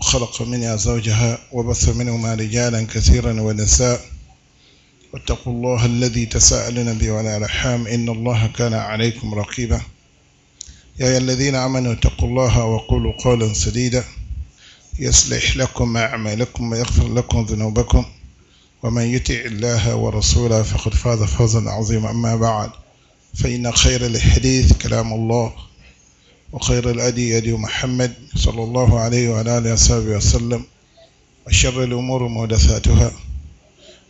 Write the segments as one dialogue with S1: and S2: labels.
S1: وخلق منها زوجها وبث منهما رجالا كثيرا ونساء واتقوا الله الذي تساءلنا به الأرحام إن الله كان عليكم رقيبا يا أيها الذين آمنوا اتقوا الله وقولوا قولا سديدا يصلح لكم أعمالكم ويغفر لكم ذنوبكم ومن يطع الله ورسوله فقد فاز فوزا عظيما أما بعد فإن خير الحديث كلام الله وخير الأدي أدي محمد صلى الله عليه وعلى آله وصحبه وسلم وشر الأمور محدثاتها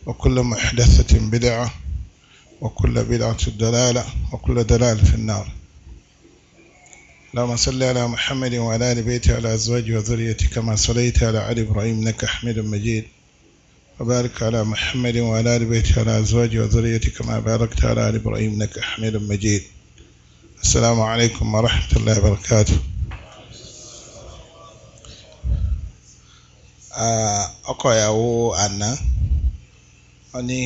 S1: وكل محدثة بدعة وكل بدعة دلالة وكل دلالة في النار اللهم صل على محمد وعلى آل بيته على أزواجه وذريته كما صليت على آل إبراهيم إنك حميد مجيد وبارك على محمد وعلى آل بيته على أزواجه وذريته كما باركت على آل إبراهيم إنك حميد مجيد السلام عليكم ورحمة الله وبركاته ọkọ ìyàwó àná wọn ní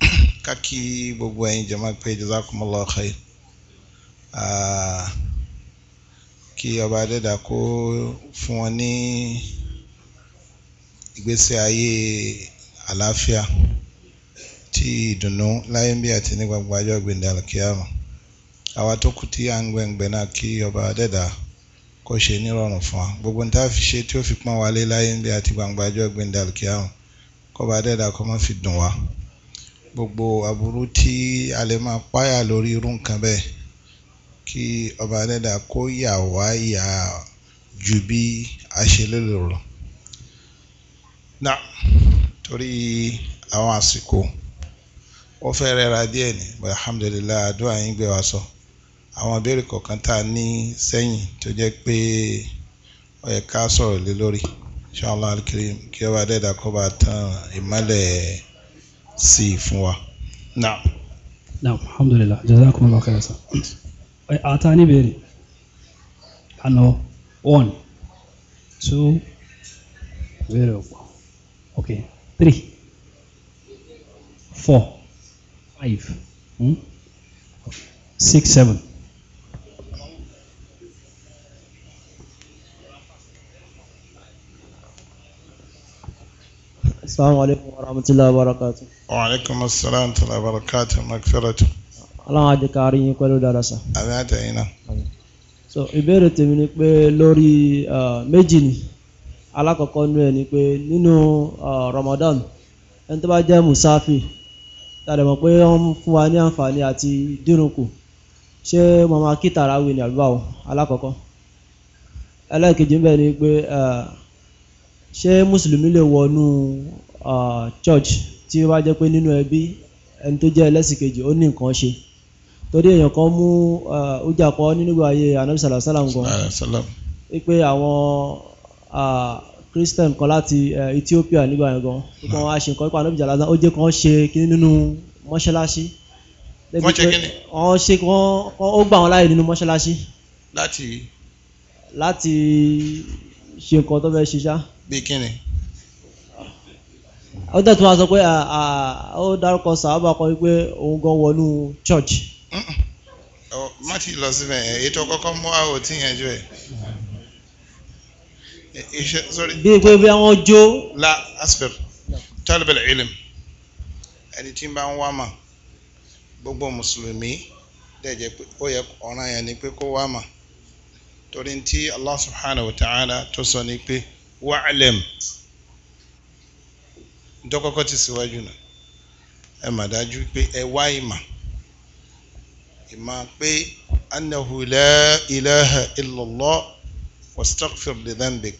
S1: kákí gbogbo ẹ̀yin jàmá pé jazakumullahu khair ah, kí ọba adẹ́dà kó fún wọn ní ìgbésí ayé àlàáfíà tí ìdùnnú láyé ń bí àti ní gbangba ọjọ́ gbèndé àlùkìyàmù àwa tó kù tí à ń gbẹ̀ngbẹ̀ náà kí ọba adẹ́dà kó ṣe nírọ̀rùn fún wa gbogbo ní tá a fi ṣe tí ó fi pọ́n wa lé láyé ńlẹ̀ àti gbangba ẹjọ́ gbẹ̀ndàlù kí àrùn kọba adẹ́dà kó má fi dùn wa gbogbo aburú tí a lè máa páyà lórí irú nǹkan bẹ́ẹ̀ kí ọba adẹ́dà kó yà wá yà ju bí a ṣe lè lò lọ. na torí àwọn àsìkò ó fẹ́ rẹra díẹ̀ ni alhamdulilayi àdúrà gbé wa sọ. So àwọn ìbéèrè kọ̀ọ̀kan tá a ní sẹ́yìn tó jẹ́ pé ó yẹ ká sọ̀rọ̀ lé lórí inshallah al-karim kí ọba dẹ́dà kó bá tán ìmọ́lẹ̀ sí i fún wa. naam.
S2: naam alhamdulilah jazakumullahu khairan sa. ata ni béèrè àná one two béèrè ọ̀pọ̀ ok
S3: three four five hmm? six seven.
S2: السلام عليكم ورحمة الله وبركاته.
S1: وعليكم السلام ورحمة الله وبركاته.
S2: Aláwọn الله yín pẹ̀lú dára sá.
S1: Àmì àtẹ̀yìn náà.
S2: So ìbéèrè tèmi ni pé lórí méjì ni alákọ̀ọ́kọ́ nú ẹ̀ ni pé nínú Ramadan ẹni tó bá jẹ́ Musafi tàbí mọ̀ pé wọ́n fún wa ní àǹfààní àti dínkù ṣé màmá kí tàràwì ni àbúrò alákọ̀ọ́kọ́ ẹlẹ́ẹ̀kejì ń bẹ ni pé ṣé mùsùlùmí lè wọnú church tí ó bá jẹ́ pé nínú ẹbí ẹni tó jẹ́ ẹlẹ́sìn kejì ó ní nǹkan ṣe torí èèyàn kan mú ọjà kan nínú ìgbà ayé anabi sallallahu alaihi wasallam wípé àwọn christian kan láti ethiopia nígbà yẹn gan wípé wọn á ṣe nǹkan wípé anabi jalasa ó jẹ́ kan ṣe kí nínú mọ́ṣáláṣí wọ́n ṣe kíni. wọ́n ṣe wọ́n ó gbà wọ́n láàyè nínú mọ́ṣáláṣí. láti. láti ṣe nǹkan tó fẹ́ ṣe ṣá. bikini kíni. ó dẹ̀ tún wá sọ pé ó dárúkọ sàábà kan wípé òun gan wọnú church.
S1: má ti lọ síbẹ̀ ètò kọ́kọ́ mú yẹn ẹ̀. bí pé bí wọ́n jó. la asper talib al ẹni tí ń bá ń wá mà gbogbo mùsùlùmí dẹ̀ pé ó yẹ ọ̀ràn yẹn ni pé kó wá mà torí ti Allah subhanahu wa ta'ala tó sọ ni pé. wa'lam dọ́kọ́kọ́ ti síwájú náà ẹ mà dájú pé ẹ wá ìmà ìmà pé annahu la ilaha illallah wastaghfir li dhanbik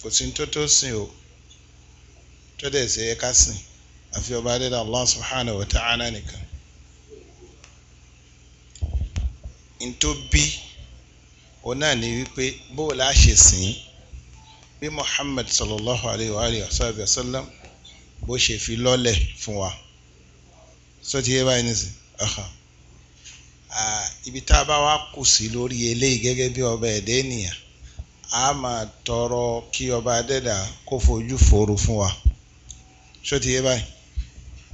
S1: kò sí tó tó sìn o tó dẹ̀ ṣe yẹ ká sìn àfi ọba adéda allah subhanahu wa ta'ala nìkan ntó bí ọ náà ní wípé bó o sìn bí Muhammad sallallahu alayhi wa alayhi wa sallam bó ṣe fi lọ́lẹ̀ fún wa sọ ti yé báyìí nísìn ibi tá a bá wá kù sí lórí eléyìí gẹ́gẹ́ bí ọba ẹ̀dẹ́ ènìyàn a máa tọrọ kí ọba adẹ́dà kó fojú fòrò fún wa sọ yé báyìí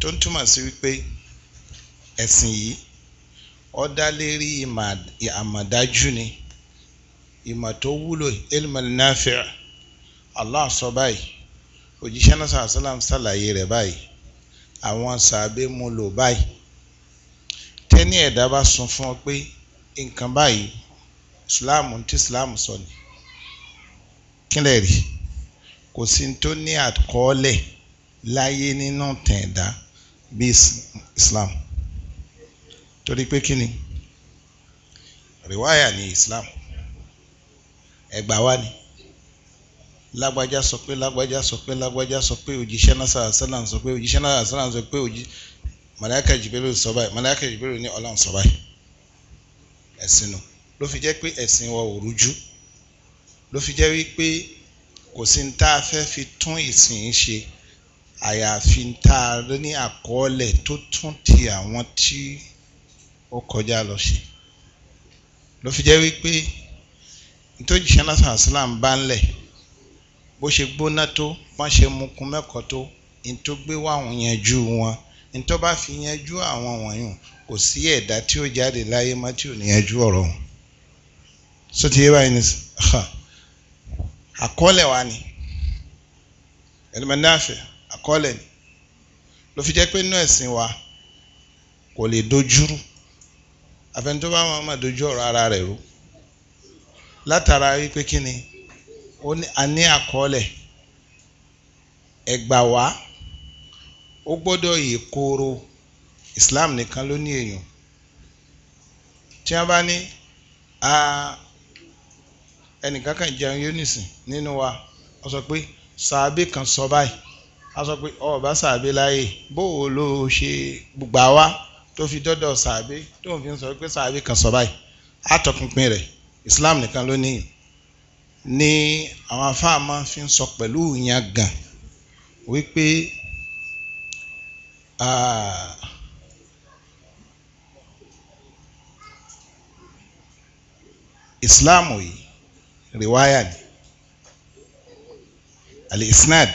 S1: tó ń túmọ̀ sí wípé ẹ̀sìn yìí ó dá lérí ìmọ̀ àmọ̀dájú ni ìmọ̀ tó wúlò ilmal nafi' Allah sọ báyìí òjíṣẹ́ náà sàlám sàlàyé rẹ̀ báyìí àwọn sàbẹ̀ mo lò báyìí tẹ́ni ẹ̀dá bá sọ fún ọ pé nǹkan báyìí Islam tí Islam sọ ni kílẹ̀ rí kò sí tó ní àkọọ́lẹ̀ láyé nínú tẹ̀dá bí Islam torí pé kí ni rìwáyà ni Islam ẹgbàá wa ni lágbájá sọ pé lágbájá sọ pé lágbájá sọ pé òjíṣẹ́ náà sàlá sọ pé òjíṣẹ́ náà sàlá sọ pé òjí màláíkà jìbẹ́rù sọ báyìí màláíkà jìbẹ́rù ní ọlọ́run sọ báyìí ẹ̀sìn nù ló fi jẹ́ pé ẹ̀sìn wa ò rújú ló fi jẹ́ wípé kò sí ní tá a fẹ́ fi tún ìsìn ṣe àyàfi ní tá a rí ní àkọọ́lẹ̀ tó tún ti àwọn tí ó kọjá lọ ṣe ló fi jẹ́ wípé nítòjíṣẹ́ náà sàlá bó ṣe gbóná tó bọ́n ṣe mukun mẹ́kọ̀ọ́ tó ní tó gbé wá òun yanjú wọn ní tó bá fi yanjú àwọn wọ̀nyún kò sí ẹ̀dá tí ó jáde láyé mọ́ tí ò ní yanjú ọ̀rọ̀ wọn. sọ yé báyìí ní àkọọ́lẹ̀ wa ni ẹlẹ́mẹ̀dáfẹ́ àkọọ́lẹ̀ ni ló fi jẹ́ pé inú ẹ̀sìn wa kò lè dojúrú àfẹnitó bá wọn máa dojú ọ̀rọ̀ ara rẹ̀ rú látara wípé kí ni a ní àkọọ́lẹ̀ ẹgbà wá ó gbọ́dọ̀ yìí Islam nìkan ló ní èèyàn tí wọ́n bá ní ẹnìkan kan jẹun yóò nìsín nínú wa wọ́n sọ pé sàábì kan sọ báyìí a sọ pé ọba sàábì láàyè bó ló ṣe gbà wá tó fi dọ́dọ̀ sàábì tó fi sọ pé sàábì kan sọ báyìí àtọkùnpin rẹ̀ Islam nìkan ló ní èèyàn ni àwọn afáàmọ́ fi ń sọ pẹ̀lú ìyangàn wípé ìsìláàmù yìí rìwáyà ni àlè isnad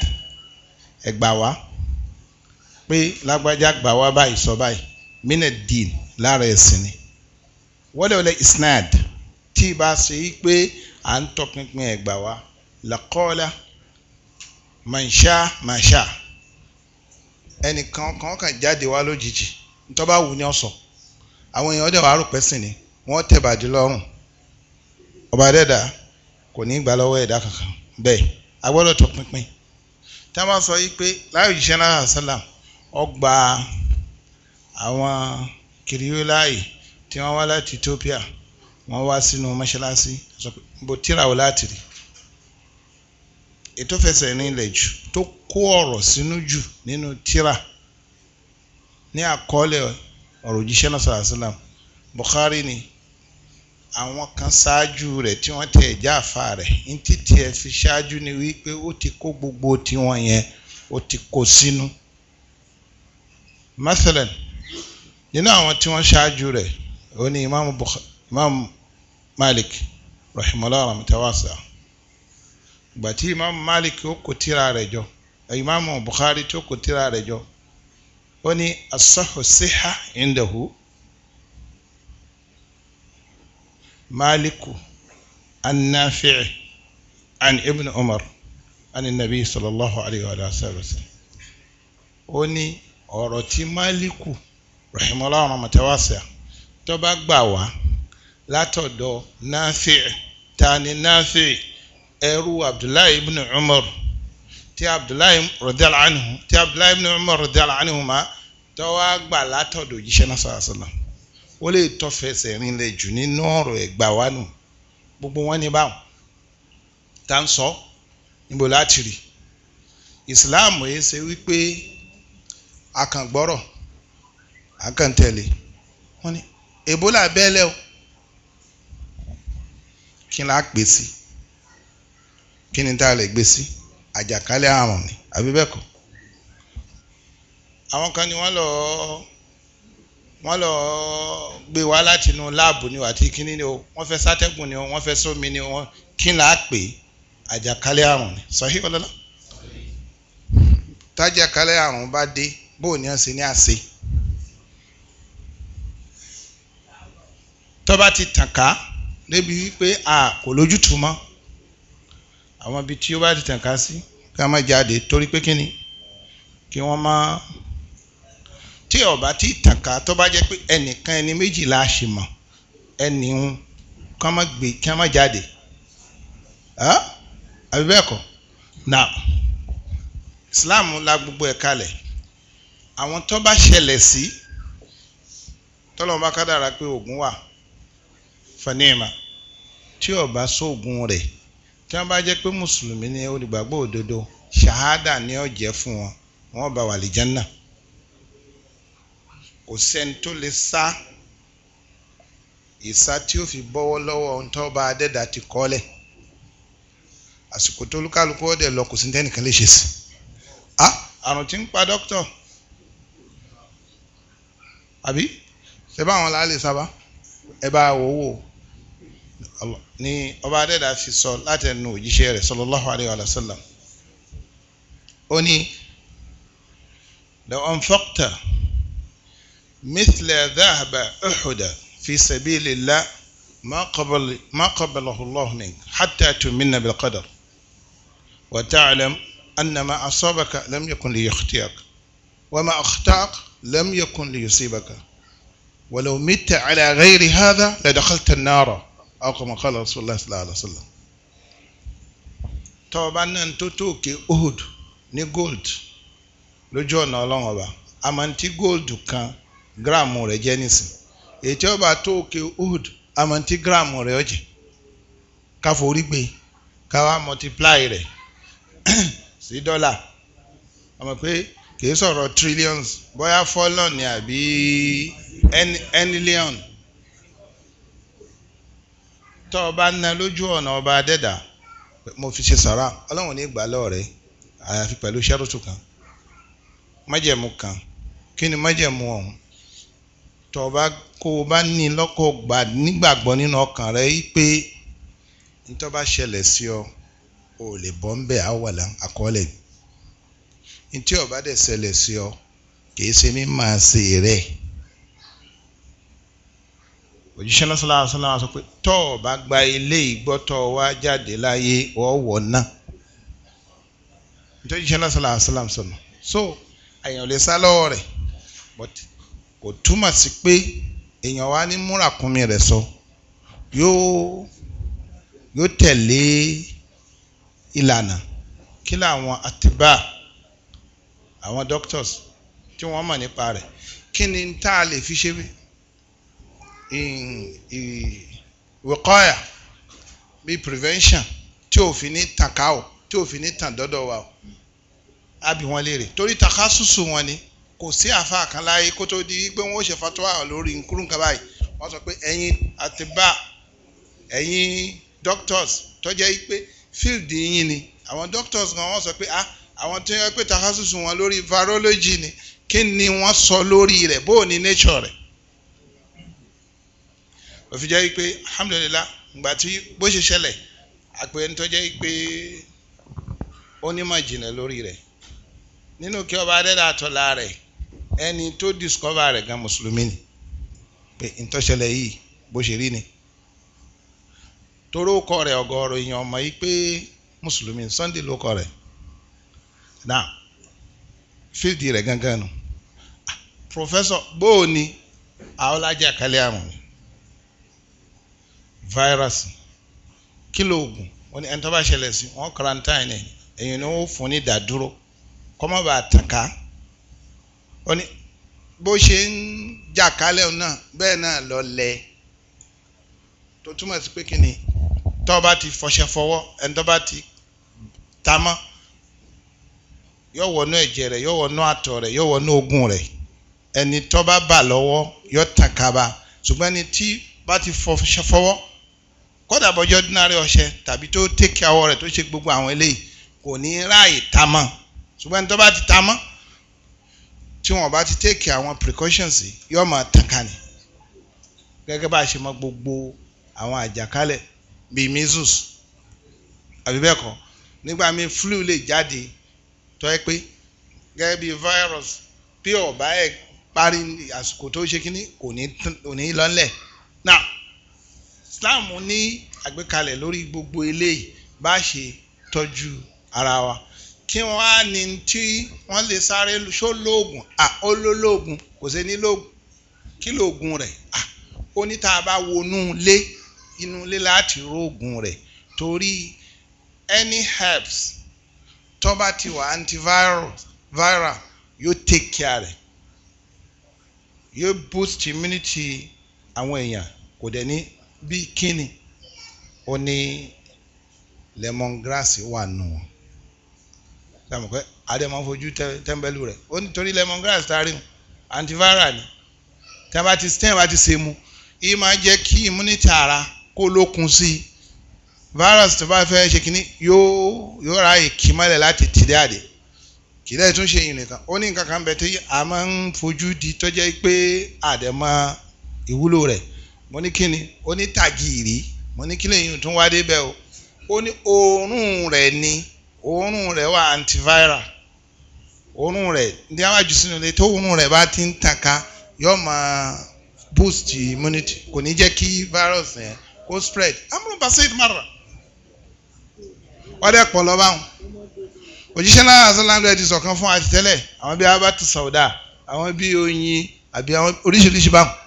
S1: ẹgbà wá pé lágbájá gbà wá báyìí sọ báyìí minad din lára ẹ̀sìn ni wọ́lẹ̀wọ́lẹ̀ isnad tí ì bá ṣe yí pé à ń tọpinpin ẹ̀gbà wa làkọ́ọ́lá màṣá màṣá ẹnìkan kan kàn jáde wá lójijì tó bá wù ní àwọn èèyàn dẹ̀ wá rò pẹ́sìn ni wọ́n tẹ̀ bàdí lọ́rùn ọba dẹ́dà kò ní gbà lọ́wọ́ ẹ̀dá kankan bẹ́ẹ̀ a gbọ́dọ̀ tó pínpín tá a máa sọ yìí pé láyò jíṣẹ́ náà sálàm ọgbà àwọn kìrìyóláì tí wọ́n wá láti Ethiopia wọ́n wá sínú mọ́ṣáláṣí sọ pé bó tíra o láti rí ètò fẹsẹ̀ nílẹ̀ jù tó kó ọ̀rọ̀ sínú jù nínú tíra ní àkọọ́lẹ̀ ọ̀rọ̀ òjíṣẹ́ náà sọ̀rọ̀ àṣìlám Bukhari ni àwọn kan ṣáájú rẹ̀ tí wọ́n tẹ̀ já àfa rẹ̀ ní títí ẹ fi ṣáájú ni wípé ó ti kó gbogbo tiwọn yẹn ó ti kó sínú masalan nínú àwọn tí wọ́n ṣáájú rẹ̀ ó ní imam Malik rahimahullah rahmatawasa ìgbà tí imaamu malik ó kó tírà rẹ̀ jọ imaamu bukhari tó kó tírà rẹ̀ jọ ó ní asahu siha indahu maliku annafi'i an ibn umar an nabi sallallahu alayhi wa sallam ó ní ọ̀rọ̀ tí maliku rahimahullah rahmatawasa tó bá látọ̀dọ̀ Nafi' tani Nafi' ẹrú Abdullahi ibn Umar tí Abdullahi radiyallahu anhu tí Abdullahi ibn Umar radiyallahu anhu ma tọ́wọ́ gbà látọ̀dọ̀ òjíṣẹ́ náà sallallahu alaihi wasallam ó lè tọ́fẹsẹ̀ rinlẹ̀ jù nínú ọ̀rọ̀ ẹ̀gbà wa nù gbogbo wọn ní báwọn tá ń sọ níbo láti rí ìsìláàmù yìí ṣe wípé akàngbọ́rọ̀ akàntẹ̀lé wọn ni ebola bẹ́ẹ̀lẹ́ o kí la gbé sí kí ni tá a lè gbé sí àjàkálẹ̀ àrùn ni àbí bẹ́ẹ̀ kọ́ àwọn kan ni wọ́n lọ wọ́n lọ gbé wá láti inú láàbù ni àti kíní ni o wọ́n fẹ́ sátẹ́gùn ni o wọ́n fẹ́ sómi ni o kí la pè àjàkálẹ̀ àrùn ni sọ̀hí ọlọ́lá tájàkálẹ̀ àrùn bá dé bó ni wọ́n ṣe ní àṣẹ. tó ti tàn ká débi wípé a kò lójútùú mọ́ àwọn ibi tí ó bá ti tàn ká sí kí wọ́n má jáde torí pé kíni kí wọ́n má tí ọba tí tàn ká tó bá jẹ́ pé ẹnìkan ẹni méjì la ṣe mọ̀ ẹnì kí wọ́n má gbé kí wọ́n má jáde àbí bẹ́ẹ̀ kọ́ now Islam la gbogbo ẹ̀ kalẹ̀ àwọn tó bá ṣẹlẹ̀ sí tọ́lọ́mọba kádàrá pé ogun wà fanima tí ó bá sóògùn rẹ̀ tí wọ́n bá jẹ́ pé mùsùlùmí ni olùgbàgbọ́ òdodo ṣahada ni ó jẹ́ fún wọn wọ́n bá wà lè jẹ́nà kò sẹ́ni tó lè sá ìsá tí ó fi bọ́wọ́ lọ́wọ́ ohun tó bá adẹ́dà ti kọ́lẹ̀ àsìkò tó lúkálukú ọ̀dẹ̀ lọ kò sí tẹ́nìkan lè ṣe sí àrùn tí ń pa dókítọ̀ àbí ṣe báwọn láàlè sábà ẹ bá wò ó wò ó. ni ọba adẹ́dà fi sọ látẹnu òjíṣẹ́ rẹ̀ sallallahu alayhi wa sallam ó ní law anfaqta mithla dhahaba uhuda fi sabilillah ma qabala ma qabalahu Allahu mink hatta tu'mina bil qadar wa ta'lam anna ma asabaka lam yakun li yakhtiyaka wa ma akhta'aka lam yakun li yusibaka ولو مت على غير هذا لدخلت النار aw kama qala rasulullah sallallahu alaihi wasallam tọ́ bá náà tó tó òkè old ní gold lójú ọ̀nà ọlọ́run ọba amanti gold kan gíráàmù rẹ̀ jẹ́ nísìn èyí tí ọba tó òkè old amanti gíráàmù rẹ̀ ọ̀jẹ̀ ká forí gbé ká wá multiply sí dọ́là ọmọ pé kìí sọ̀rọ̀ trillions bóyá fọ́lọ́ọ̀nì àbí ẹnilíọ̀nù tọ́ ọ bá ná lójú ọ̀nà ọba adẹ́dà mo fi ṣe sàrà ọlọ́run ní ìgbà lọ́ọ̀rẹ́ àyàfi pẹ̀lú ṣẹ́rùtù kan májẹ̀mú kan kí ni májẹ̀mú ọ̀hún tọ́ ọ bá kó o bá ní lọ́kọ̀ gbà nígbàgbọ́ nínú ọkàn rẹ pé nítorí ṣẹlẹ̀ sí ọ o lè bọ́ ń bẹ̀ á wà lá àkọọ́lẹ̀ ní tí ó dẹ̀ ṣẹlẹ̀ sí ọ kì í ṣe mí máa ṣe rẹ̀ òjíṣẹ́ náà sọ́lá sọ́lá sọ pé tọ́ ọ bá gba ilé ìgbọ́ tọ́ ọ wá jáde láyé ọ̀wọ̀ náà nítorí òjíṣẹ́ náà sọ̀nà so àyàn lè sá lọ́wọ́ rẹ̀ but kò túmọ̀ sí pé èèyàn wá ní múràkúnmi rẹ̀ sọ yóò yóò tẹ̀lé ìlànà kí làwọn àtibá àwọn doctors tí wọ́n mọ̀ nípa rẹ̀ kí ni tá a lè fi ṣe In wíkọ́yà bíi prevention tí ò fi ní tàn ká o tí ò fi ní tàn dọ́dọ̀ wa o á bí wọn léèrè torí taka ṣùṣù wọn ni kò sí àáfàá kan láyé kó di pé wọn ó ṣe fatuwa lórí nkúrú nǹkan báyìí wọn sọ pé ẹ̀yin àtibá ẹ̀yin doctors tó jẹ́ pé field yín ni àwọn doctors kan wọ́n sọ pé ah àwọn tó yẹ pé taka ṣùṣù wọn lórí virology ni kí ni wọ́n sọ lórí rẹ̀ bó o ní nature rẹ̀ ó fi jẹ́ pé alhamdulillah ìgbà tí bó ṣe ṣẹlẹ̀ àpè ń tọ́jẹ́ pé ó ní mọ̀ jìnlẹ̀ lórí rẹ̀ nínú kí ọba adẹ́dà àtọ́lá rẹ̀ ẹni tó discover rẹ̀ gan mùsùlùmí ni pé ìtọ́ṣẹlẹ̀ yìí bó ṣe rí ni toró kọ rẹ̀ ọ̀gọ̀rọ̀ èèyàn mọ̀ yìí pé mùsùlùmí Sunday ló kọ rẹ̀ now fíìdì rẹ̀ gangan nu ah, professor bóò ni àwọn lájà kálí àrùn ni fáírọ́ọ̀sì kí ló oògùn wọn ni ẹni tó bá ṣẹlẹ̀ sí wọn kọ́rantáìnì èyí ni wọ́n fún ní ìdádúró kọ́mọ́ bá tàn ká wọn ni bó ṣe ń jà kálẹ̀ náà bẹ́ẹ̀ náà lọ lẹ̀ tó túmọ̀ sí pé kí ni tó bá ti fọṣẹ fọwọ́ ẹni tó bá ti tamọ́ yóò wọnú ẹ̀jẹ̀ rẹ̀ yóò wọnú àtọ̀ rẹ̀ yóò wọnú ogun rẹ̀ ẹni tó bá bà lọ́wọ́ yóò tàn ṣùgbọ́n ẹni tí bá ti fọṣẹ fọwọ́ kódà bọ́jọ́ ordinary ọṣẹ tàbí tó take care of rẹ̀ tó ṣe gbogbo àwọn eléyìí kò ní ráàyè ta mọ́ ṣùgbọ́n tó bá ti ta mọ́ tí wọ́n bá ti take care àwọn precautions yóò máa tàn ká ni gẹ́gẹ́ bá a ṣe mọ gbogbo àwọn àjàkálẹ̀ bíi measles àbí bẹ́ẹ̀ kọ́ nígbà míì flu lè jáde tó yẹ pé gẹ́gẹ́ bíi virus bí ọ̀bá ẹ̀ parí àsìkò tó ṣe kínní kò ní lọ́nlẹ̀ now. Islam ní àgbékalẹ̀ lórí gbogbo eléyìí bá ṣe tọ́jú ara wa kí wọ́n á ní tí wọ́n lè sáré ṣó lóògùn à ó ló lóògùn kò sí ní lóògùn kí lóògùn rẹ̀ à ó ní tá a bá wọnú ilé inú ilé láti róògùn rẹ̀ torí any herbs tó bá ti wà antiviral viral yóò take care rẹ̀ yóò boost immunity àwọn èèyàn kò dẹ̀ ní bíi kíni ó ní lemongrass wà nù wọn sàmù pé adé máa ń fojú tẹ́ḿbẹ́lú rẹ̀ ó nítorí lemongrass tarí mu antiviral ni tẹ́ bá ti tẹ́ bá ti ṣe mu máa jẹ́ kí immunity ara kó lókun sí i virus tó bá fẹ́ ṣe kínní yóò yóò ra èkì mọ́lẹ̀ láti tìdí àdé kìlẹ̀ tún ṣe yìí nìkan ó ní nǹkan kan bẹ tí a máa ń fojú di tó jẹ́ pé àdẹ̀mọ́ ìwúlò rẹ̀ mo ní kíni ó ní tàgìrì mo ní kíni èyí tún wá débẹ̀ o ó ní òórùn rẹ̀ ni òórùn rẹ̀ wà antiviral òórùn rẹ̀ ní àwọn àjùsí nílé tó òórùn rẹ̀ bá ti ń tàka yóò máa boost immunity kò ní jẹ́ kí virus yẹn kó spread amúlùbá said mara ọdẹ pọ̀ lọ́ba wọn òjíṣẹ́ náà azọ́láńdọ́ ẹ sọ̀kan fún àtìtẹ́lẹ̀ àwọn bíi abatu sauda àwọn bíi oyin àbí àwọn oríṣiríṣi báwọn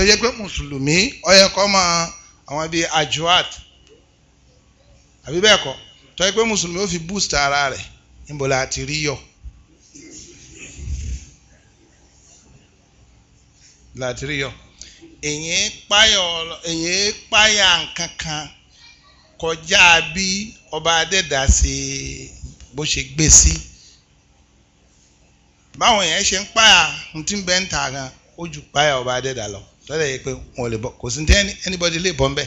S1: tó jẹ́ pé mùsùlùmí ó yẹ kó máa àwọn bíi ajuat àbí bẹ́ẹ̀ kọ́ tó jẹ́ pé mùsùlùmí ó fi boost ara rẹ̀ níbo la ti rí yọ. láti rí yọ èyàn páyà èyàn páyà nkankan kọjá bí ọba adẹ́dà bó ṣe gbé sí báwọn èèyàn ṣe ń páyà ntí ń bẹ́ ń ta gan ó ju páyà ọba adẹ́dà lọ tọ́lẹ̀ yìí pé wọn lè bọ́ kò sí ní anybody lè bọ́ nbẹ́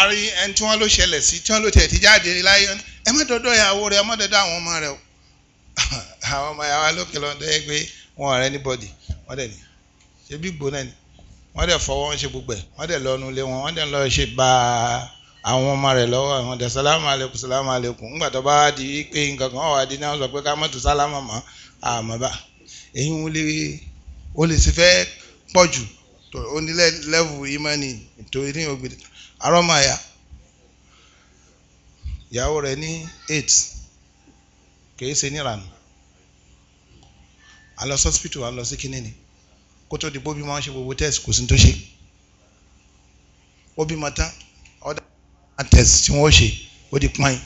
S1: àrí ẹni tí wọ́n ló ṣẹlẹ̀ sí tí wọ́n ló tẹ̀ ti jáde láyé ẹ má dọ́dọ̀ ìyàwó rẹ ẹ má dọ́dọ̀ àwọn ọmọ rẹ o àwọn ọmọ ìyàwó alókè lọ́dọ̀ ẹ pé wọn ọ̀rẹ́ anybody wọ́n dẹ̀ ní ṣe bí gbóná ni wọ́n dẹ̀ fọwọ́ wọn ṣe gbogbo ẹ̀ wọ́n dẹ̀ lọ́nu ilé wọn wọ́n dẹ̀ lọ́ọ́ ṣe bá àwọn ọmọ rẹ̀ lọ́wọ́ àwọn dẹ̀ sálámù alẹ́kùn sálámù alẹ́kùn ńgbà tó bá di pé nǹkan kan wà á náà sọ pé ká mọ̀tò sálámù mọ́ àmọ́ bá èyí ń o lè sì fẹ́ pọ̀ jù o ní lẹ́vù ìmánì torí ní ògbèdè arọ́màyà ìyàwó rẹ̀ ní eight kìí ṣe níranù a lọ sọ́sìpìtì wa lọ sí kínní ni kó tó di bó bí máa ń ṣe gbogbo test kò sí tó ṣe ó bímọ tán ọ̀dà test tí wọ́n ṣe ó di pọ́n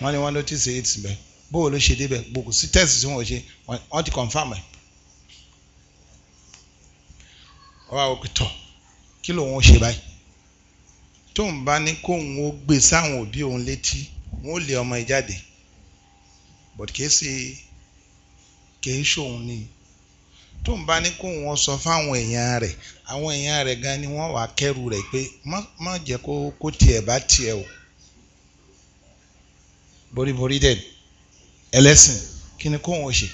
S1: wọ́n ní wọ́n ló ti ṣe eight bẹ́ẹ̀ bó o ló ṣe débẹ̀ gbogbo sí test tí wọ́n ṣe wọ́n ti confam ẹ̀. ọba òkè tọ̀ kí lòun ó ṣe báyìí tóun bá ní kóun ó gbé sáwọn òbí òun létí wọn ó lé ọmọ ẹ jáde but kìí ṣe kìí ṣòun ni tóun bá ní kóun ó sọ fáwọn èèyàn rẹ̀ àwọn èèyàn rẹ̀ gan ni wọ́n wàá kẹ́rù rẹ̀ pé má jẹ́ kó kó tiẹ̀ bá tiẹ̀ o boríborí dẹ̀ ẹlẹ́sìn kí ni kóun ó ṣe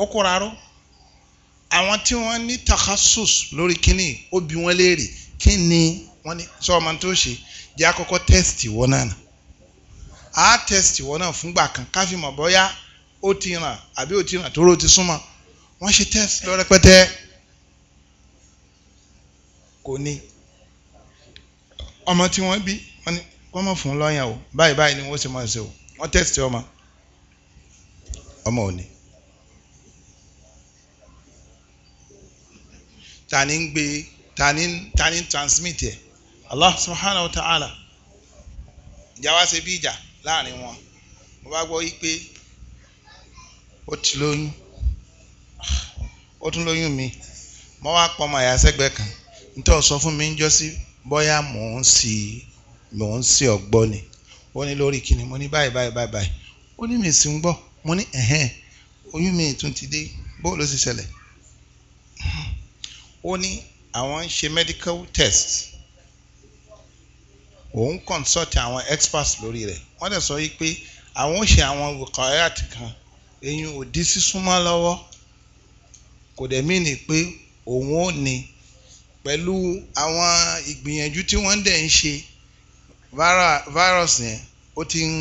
S1: ó kóra ró àwọn tí wọ́n ní takhasus lórí kínní ó bi wọ́n léèrè kí ni wọ́n ní sọ ọmọ tó ṣe jẹ́ àkọ́kọ́ tẹ́sítì wọ́n náà nà á tẹ́sítì wọ́n náà fúngbà kan káfí mọ̀ bọ́yá ó ti ràn àbí ó ti ràn tóró ti súnmọ́ wọ́n ṣe tẹ́sítì lọ rẹpẹtẹ kò ní ọmọ tí wọ́n bí wọ́n ní wọ́n mọ̀ fún lọ́yàn o báyìí báyìí ni wọ́n ṣe máa ṣe o wọ́n tẹ́sítì ọmọ ọmọ ò ní tani ni ń gbé ta allah subhanahu wa ta'ala ìjà wa ṣe bí ìjà láàrin wọn mo bá gbọ́ wípé ó ti lóyún ó tún lóyún mi mo wá pọ̀ ọmọ àyà sẹ́gbẹ́ kan nítorí sọ fún mi ń jọ́ sí bóyá mò ń mò ni ó ní mo ní báyìí báyìí báyìí ó mi sì ń gbọ́ mo ní ẹ̀hẹ́n oyún mi tún ti dé bóòlù sì ó ní àwọn ń ṣe medical test òun consult àwọn experts lórí rẹ̀ wọ́n dẹ̀ sọ wípé àwọn ó ṣe àwọn wùkọ́yàt kan eyín ò di sísúnmọ́ lọ́wọ́ kò dẹ̀ mí ni pé òun ò ní pẹ̀lú àwọn ìgbìyànjú tí wọ́n dẹ̀ ń ṣe virus yẹn ó ti ń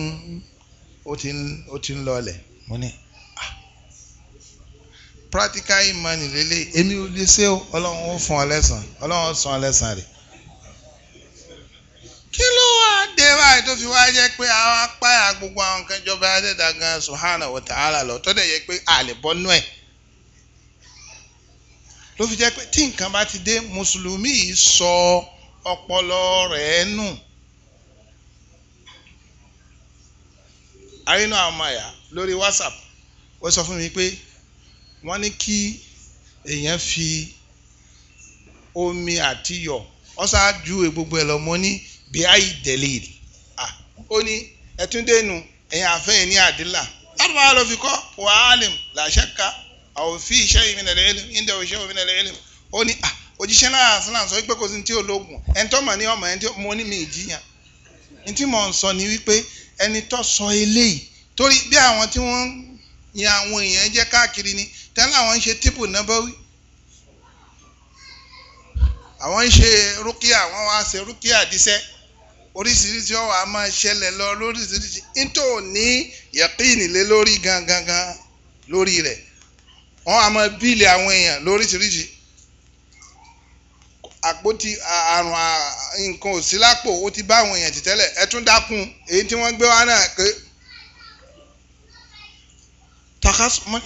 S1: ó ti ń ó ti ń lọlẹ̀ practical imani lele Emi ò lè ṣe ọlọ́run ó fún ọ lẹ́sàn ọlọ́run ó san ọ lẹ́sàn rẹ̀ kí ló wá dé báyìí tó fi wá jẹ́ pé àwọn apáyà gbogbo àwọn nǹkan ìjọba adẹ́dà gan suhana wa ta'ala lọ tó dẹ̀ yẹ pé àlè bọ́nú ẹ̀ ló fi jẹ́ pé tí nǹkan bá ti dé mùsùlùmí sọ ọpọlọ rẹ̀ nù. àrínú àwọn ọmọ àyà lórí whatsapp ó sọ fún mi pé wọ́n ní kí èèyàn fi omi àti iyọ̀ wọ́n ṣáájú gbogbo ẹ̀ lọ mọ́ ní bíháì dẹ̀lìl ó ní ẹ̀túndẹ́nu ẹ̀yìn àfẹ́yìn ní àdìlà lárúbáwá ló fi kọ́ wàhálìm làṣẹ́ka àwòfí iṣẹ́ ìmìnàlẹ̀ ẹlẹ́m ìndẹ̀ òṣẹ́ ìmìnàlẹ̀ ẹlẹ́m ó ní òjíṣẹ́ náà sílàn sọ wípé kò sí ní tí ológun ẹni tó mọ̀ ní ọmọ ẹni tó mọ ní mi ìjiyàn ní tí mò ń sọ ni wípé ẹni tó sọ eléyìí torí bí àwọn tí wọ́n yan àwọn èèyàn jẹ́ káàkiri ni tẹ́lẹ̀ àwọn ń ṣe tíbù nábáwí àwọn ń ṣe rúkìá àwọn wá ṣe rúkìá àdìsẹ́ oríṣiríṣi ọ̀wà á máa ṣẹlẹ̀ lọ lóríṣiríṣi nítò ní yẹ̀kínì lé lórí gangan lórí rẹ̀ wọ́n á máa bíìlì àwọn èèyàn lóríṣiríṣi àpótí àrùn nǹkan òsílápò ó ti bá àwọn èèyàn ti tẹ́lẹ̀ ẹ tún dákun èyí tí wọ́n gbé wá náà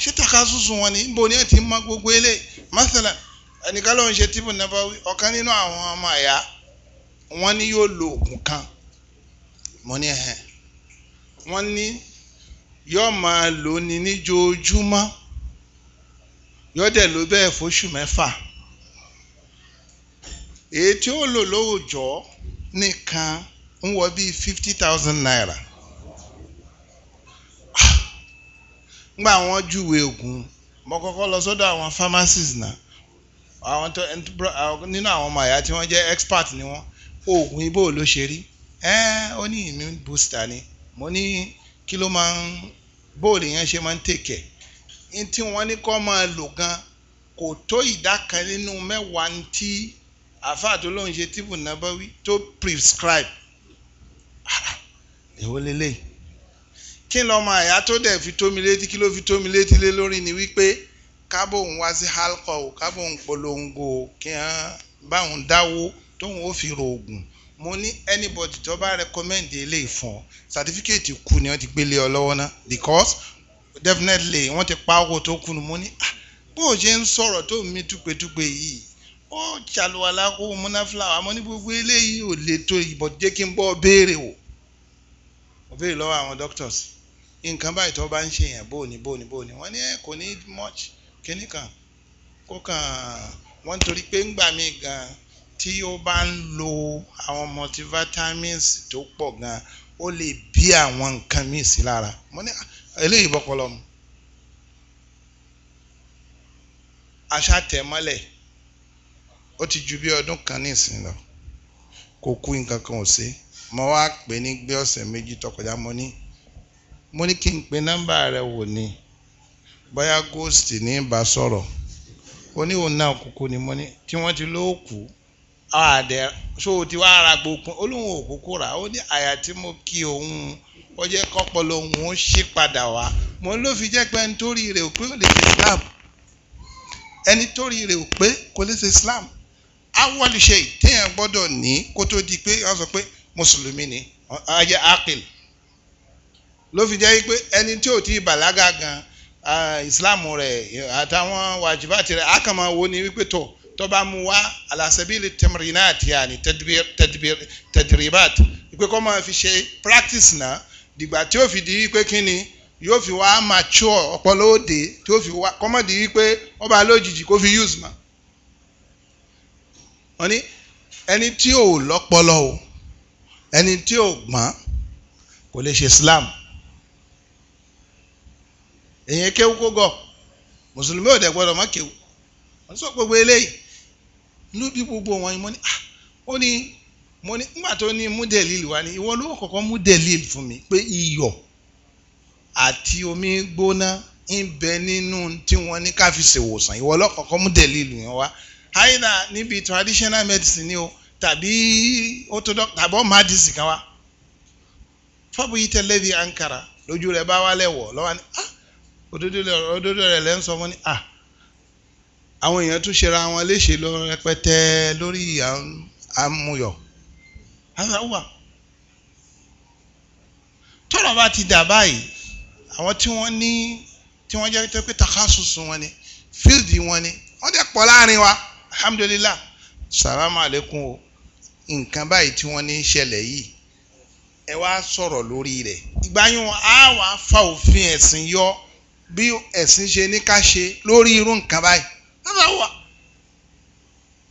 S1: ṣé takasusu wọn ni níbo ni ẹ ti mọ gbogbo eléyìí masala ẹnìkan ló ṣe tíbù nàbàwí ọ̀kan nínú àwọn ọmọ ẹ̀yà wọn ni yóò lo oògùn kan mo ní ẹ̀hẹ̀ wọn ní yóò máa lò ní níjoojúmọ́ yóò dẹ̀ ló bẹ́ẹ̀ fóṣù mẹ́fà èyí tí ó lò lóòjọ́ nìkan ń wọ bíi fifty thousand naira ngbà wọn júwe oògùn mo kọ́kọ́ lọ sọ́dọ̀ àwọn pharmacists náà àwọn tó nínú àwọn ọmọ àyà tí wọ́n jẹ́ expert ni wọ́n oògùn ibo ló ṣe rí ẹ ó ní immune booster ni mo ní kí ló máa ń bóòlù yẹn ṣe máa ń tèkẹ̀ ní tí wọ́n ní kó máa lò gan kò tó ìdá kan nínú mẹ́wàá tí àáfàá tó lóun ṣe tìbù náà wí tó prescribe ah, ah, èwo lélẹ́yìí kí lọ́ máa yá tó dẹ̀ fi tómi létí kí ló fi tómi létí lé lórí ni wípé kábòun wá sí halkọ o kábòun polongo kí hàn báwọn dáwó tóun ó fi rògùn mo ní anybody tó bá recommend eléyìí fún ọ certificate kù ni wọ́n ti gbélé ọ lọ́wọ́ náà because definitely wọ́n ti pa owó tó kù ni mo ní ah bó o ṣe ń sọ̀rọ̀ tó mi túpetúpe yìí ó ṣàlùwàlá kó múnáfíláwà mo ní gbogbo eléyìí ò lè tó ìbọn jẹ́ kí n bọ́ béèrè o ò béèrè lọ́wọ́ àwọn doctors nǹkan báyìí tó bá ń ṣe yẹn bóòní bóòní bóòní wọ́n ní kò ní much kíní kan kó kàn wọ́n torí pé ń gbà mí gan tí ó bá ń lo àwọn multivitamins tó pọ̀ gan ó lè bí àwọn nǹkan míì sí lára mo ní ah, eléyìí bọ́pọlọ mu aṣá tẹ̀ mọ́lẹ̀ ó ti ju bí ọdún kan nísìnyí lọ kò kú nǹkan kan ò sí mo wá pè ní gbé ọ̀sẹ̀ méjì tó mo ní mo ní kí n pe nọ́mbà rẹ̀ wò ni bóyá ghost ní bá sọ̀rọ̀ oníhùn náà kúkú ni mo ní tí wọ́n ti ló kú àdẹ ṣó o ti wá ara gbogbo olóhùn òkúkú rà ó ní àyà tí mo kí òun ó jẹ́ kọ́pọ̀lọ òun ó ṣí padà wá mo ló fi jẹ́ pé ẹni tó rí rè ó pé ó lè ṣe Islam ẹni tó rí rè ó pé kò lè ṣe Islam awọ́lùṣe téèyàn gbọ́dọ̀ ní kó tó di pé wọ́n sọ pé mùsùlùmí ni ajẹ́ akil ló fi jẹ́ pé ẹni tí ò ti bàlágà gan islam rẹ̀ àtàwọn wàjibàtì rẹ̀ àkàmọ́ wo ni wípé tó tó bá mu wá alasabili tẹmìrìnàt yaani tẹdiribat ìpè kọ́ máa fi ṣe practice náà dìgbà tí ó fi di wípé kí ni yóò fi wá mature ọpọlọ òde tí ó fi wá kọ́mọ̀ di wípé ọba lójijì kó fi use ma wọ́n ní ẹni tí ò lọ́pọlọ o ẹni tí ò gbọ́n kò lè ṣe islam èyàn kéwu kó gọ̀ mùsùlùmí ò dẹ̀ gbọ́dọ̀ má kéwu wọ́n sọ gbogbo eléyìí ló bí gbogbo wọn ni mo ní ah, ó ní mo ní nígbà tó ní mú dẹ̀líl wá ní ìwọ ló kọ́kọ́ mú dẹ̀líl fún mi pé iyọ̀ àti omi gbóná ń bẹ nínú tí wọ́n ní ká fi ṣèwòsàn ìwọ ló kọ́kọ́ mú dẹ̀líl yẹn wá àyìnà níbi traditional medicine ni o tàbí orthodox tàbí ọmọdésì kan wá fábùyí di ankara lójú rẹ̀ bá wálẹ̀ wọ̀ lọ́wọ́ ni ah òdodo rẹ̀ lẹ́ ń sọ wọ́n ní à ah, àwọn èèyàn tún ṣera wọn léṣe lọ rẹpẹtẹ lórí àmúyọ̀ aláwà tọ́rọ̀ bá ti dà báyìí àwọn tí wọ́n ní tí wọ́n jẹ́ pé takasusun wọn ni fíìdì wọn ni wọ́n dẹ̀ pọ̀ láàrin wa alhamdulilah salamu aleykum o nǹkan báyìí tí wọ́n ní í ṣẹlẹ̀ yìí ẹ wá sọ̀rọ̀ lórí rẹ̀ ìgbà yín wọn á wàá fa òfin ẹ̀sìn yọ bí ẹ̀sìn ṣe ní ká ṣe lórí irú nǹkan báyìí bàbá wà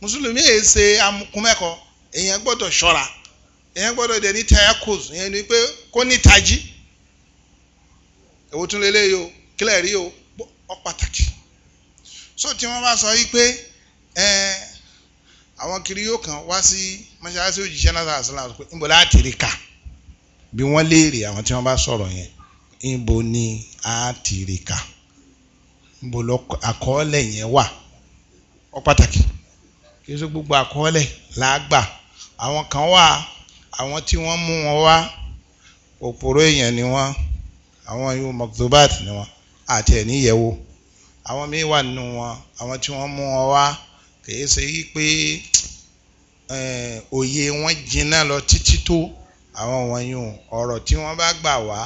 S1: mùsùlùmí yìí ṣe amukumẹ́kọ èèyàn gbọ́dọ̀ ṣọ́ra èèyàn gbọ́dọ̀ dẹ̀ ní tayakos ìyẹn ni pé kó ní tají èwo tún lélẹ̀ yìí o kílẹ̀ rí o ọ pàtàkì so tí wọ́n bá sọ yìí pé àwọn kiri yóò kàn wá sí mọ́ṣáláṣí òjìṣẹ́ náà sàlàsílà pé níbo láti rí ká bí wọ́n léèrè àwọn tí wọ́n bá sọ̀rọ̀ yẹn níbo ni a ti rí kà níbo àkọọ́lẹ̀ yẹn wà ó pàtàkì kí ló gbogbo àkọọ́lẹ̀ làágbà àwọn kan wà àwọn tí wọ́n mú wọn wá òpòrò èèyàn ni wọ́n àwọn yóò mọ̀kútóbáàt ni wọ́n àti ẹ̀ níyẹ̀wò àwọn míì wà nínú wọn àwọn tí wọ́n mú wọn wá kìí ṣe yí pé eh, òye wọn jìnnà lọ títí tó àwọn wọ̀nyí ọ̀rọ̀ tí wọ́n bá gbà wá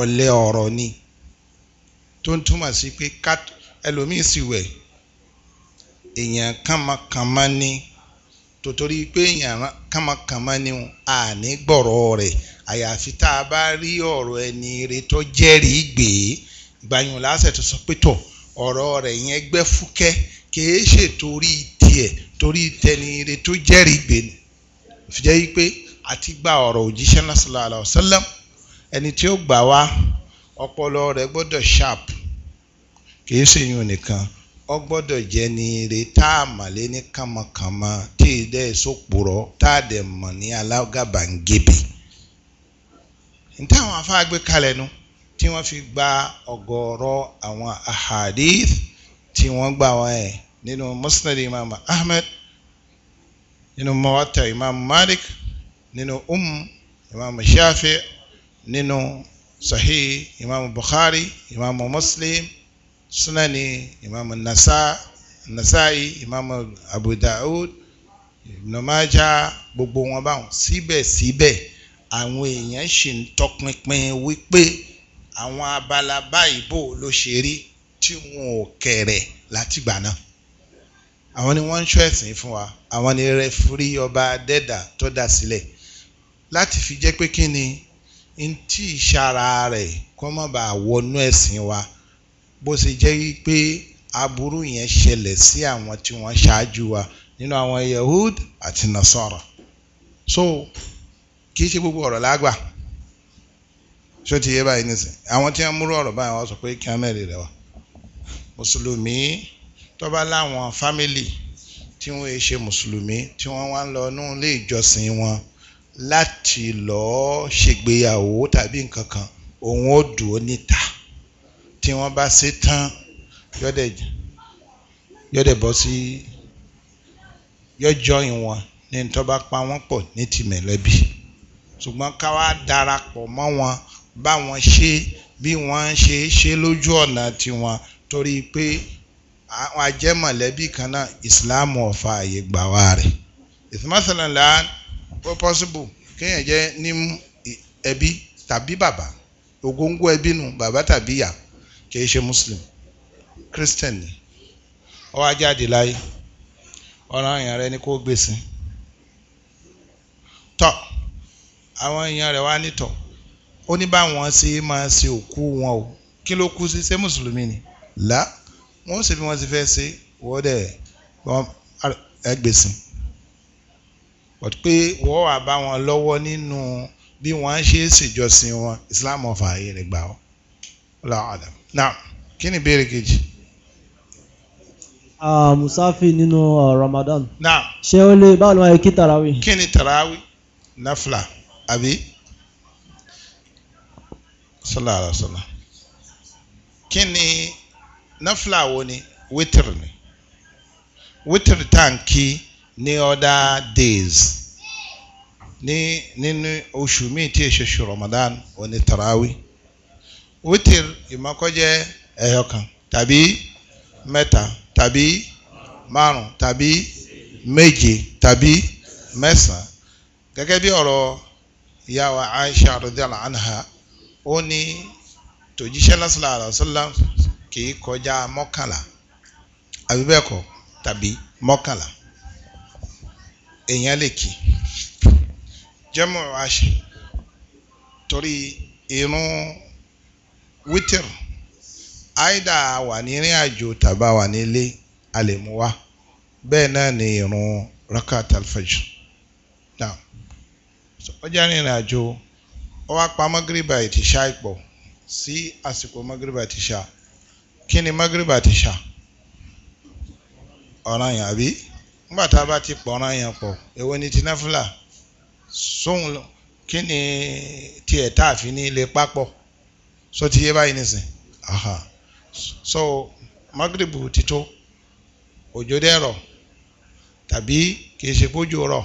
S1: ọ̀lẹ ọ̀rọ̀ ni tó ń túmọ̀ sí pé ẹlòmíì sì wẹ̀ èèyàn kàmàkàmà ni tòtòrí pé èèyàn kàmàkàmà ni àní gbọ̀rọ̀ rẹ̀ àyàfi tá a bá rí ọ̀rọ̀ ẹni rẹ̀ tó jẹ́rìí gbé gbàyàn lásẹ̀ tó sọ pé tọ̀ ọ̀rọ̀ rẹ̀ yẹn gbẹ́ fúkẹ́ kìí ṣe torí tiẹ̀ torí tẹni rẹ̀ tó jẹ́rìí gbé fi jẹ́ pé àti gba ọ̀rọ̀ òjíṣẹ́ náà sallallahu alaihi wasallam ẹni tí ó gbà wá ọpọlọ rẹ̀ gbọ́dọ̀ sharp kìí ṣèyún nìkan ó gbọ́dọ̀ jẹ́ ní ire tá a mà lé ní kànmọ́kànmọ́ tí ìdẹ́ ìsopòrọ̀ tá a dẹ̀ mọ̀ ní alágàbàǹgebè ní táwọn afáàgbé kalẹ̀ nu tí wọ́n fi gba ọ̀gọ̀ọ̀rọ̀ àwọn ahadith tí wọ́n gbà wọ́n ẹ̀ nínú musnad imam ahmed nínú muwatta imam malik nínú um imam shafi nínú sahih imam bukhari imam muslim sunani imam nasa nasai imam abu daud ibn majah gbogbo wọn báwọn síbẹ̀síbẹ̀ àwọn èèyàn ṣì ń tọpinpin wípé àwọn abala báyìí bò ló ṣe rí tí wọn ò kẹ̀rẹ̀ látìgbà náà àwọn ni wọ́n ń ṣọ́ ẹ̀sìn fún wa àwọn ni rẹfúrí ọba adẹ́dà tó dá sílẹ̀ láti fi jẹ́ pé kí ni ntí ìṣara rẹ̀ kọ́ má bàa wọnú ẹ̀sìn wa bó ṣe jẹ́ pé aburú yẹn ṣẹlẹ̀ sí àwọn tí wọ́n ṣáájú wa nínú àwọn Yahud àti Nasara so kì í ṣe gbogbo ọ̀rọ̀ lágbà ṣó ti yé báyìí nísìn àwọn tí wọ́n múrú ọ̀rọ̀ báyìí wọ́n sọ pé kí wọ́n mẹ́rin rẹ̀ wá mùsùlùmí tó láwọn fámìlì tí wọ́n ṣe mùsùlùmí tí wọ́n wá ń lọ nú ilé ìjọsìn wọn láti lọ́ọ́ ṣègbéyàwó tàbí nǹkan kan òun ó dùn ó níta tí wọ́n bá ṣe tán yọ́dẹ̀ yọ́dẹ̀ bọ́ sí yọ́jọ́ ìwọ̀n ní tó bá pa wọ́n pọ̀ ní tìmẹ̀lẹ́bí ṣùgbọ́n ká wá darapọ̀ mọ́ wọn bá wọn ṣe bí wọ́n ṣe ṣe lójú ọ̀nà tiwọn torí pé àwọn ajẹ́mọ̀lẹ́bí kan náà ìsìláàmù ọ̀fà àyè gbà wá rẹ̀ ìsìmọ́sálàlá ó pọ́síbù kéèyàn jẹ́ ní ẹbí tàbí bàbá ògóńgó ẹbí nu bàbá tàbí ìyá kìí ṣe muslim christian ni ó wá jáde láyé ọ̀ràn èèyàn rẹ ni kó gbèsè tọ́ àwọn èèyàn rẹ̀ wá nítọ̀ ó ní báwọn ṣe máa ṣe òkú wọn o kí ló kú sí ṣé mùsùlùmí ni là wọ́n sì bí wọ́n ti fẹ́ ṣe wọ́n dẹ̀ ẹgbẹ̀sìn but pé wọ́n wà bá wọn lọ́wọ́ nínú bí wọ́n ṣe é ṣèjọsìn wọn Islam ọ̀fà ayé rẹ̀ gbà ọ́ ọlọ́ọ̀dà now kí ni ìbéèrè kejì.
S2: Ah, musafi nínú ah, Ramadan. now ṣé o lè báwo ni wọ́n yẹ kí tarawi.
S1: kí ni tarawi nafla àbí sallallahu alaihi wasallam kí ni nafla wo ni wítìrì ni wítìrì tá à ń kí ní other days ní nínú oṣù míì tí èso ṣù Ramadan òní tarawi wítìr ìmọ̀kọ́jẹ́ ẹ̀yọ kan tàbí mẹ́ta tàbí márùn tàbí méje tàbí mẹ́sàn gẹ́gẹ́ bí ọ̀rọ̀ ìyá Aisha radhiyallahu anha ó ní tòjíṣẹ́ lásìlá àlọ́sọ́lá kì í kọjá mọ́kànlá àbí bẹ́ẹ̀ tàbí mọ́kànlá èèyàn lè kí jẹ́mọ̀ àṣì torí irun wítìrì àìdá wà ní ìrìn àjò tàbá wà nílé a lè mú wá bẹ́ẹ̀ náà ni irun rakat alfajr náà ó jẹ́ ìrìn àjò ó wá pa magriba ìtìṣà ìpọ̀ sí àsìkò magriba ìtìṣà kí ni magriba ìtìṣà ọ̀ràn yàbí nígbà tá a bá ti pọ̀ran yẹn pọ̀ èwo ni ti sóhun kí ni tiẹ̀ tá a fi ní ilé papọ̀ so ti yé báyìí nìsín aha so magrebu ti tó òjò dẹ́ rọ̀ tàbí kì í ṣe kójú rọ̀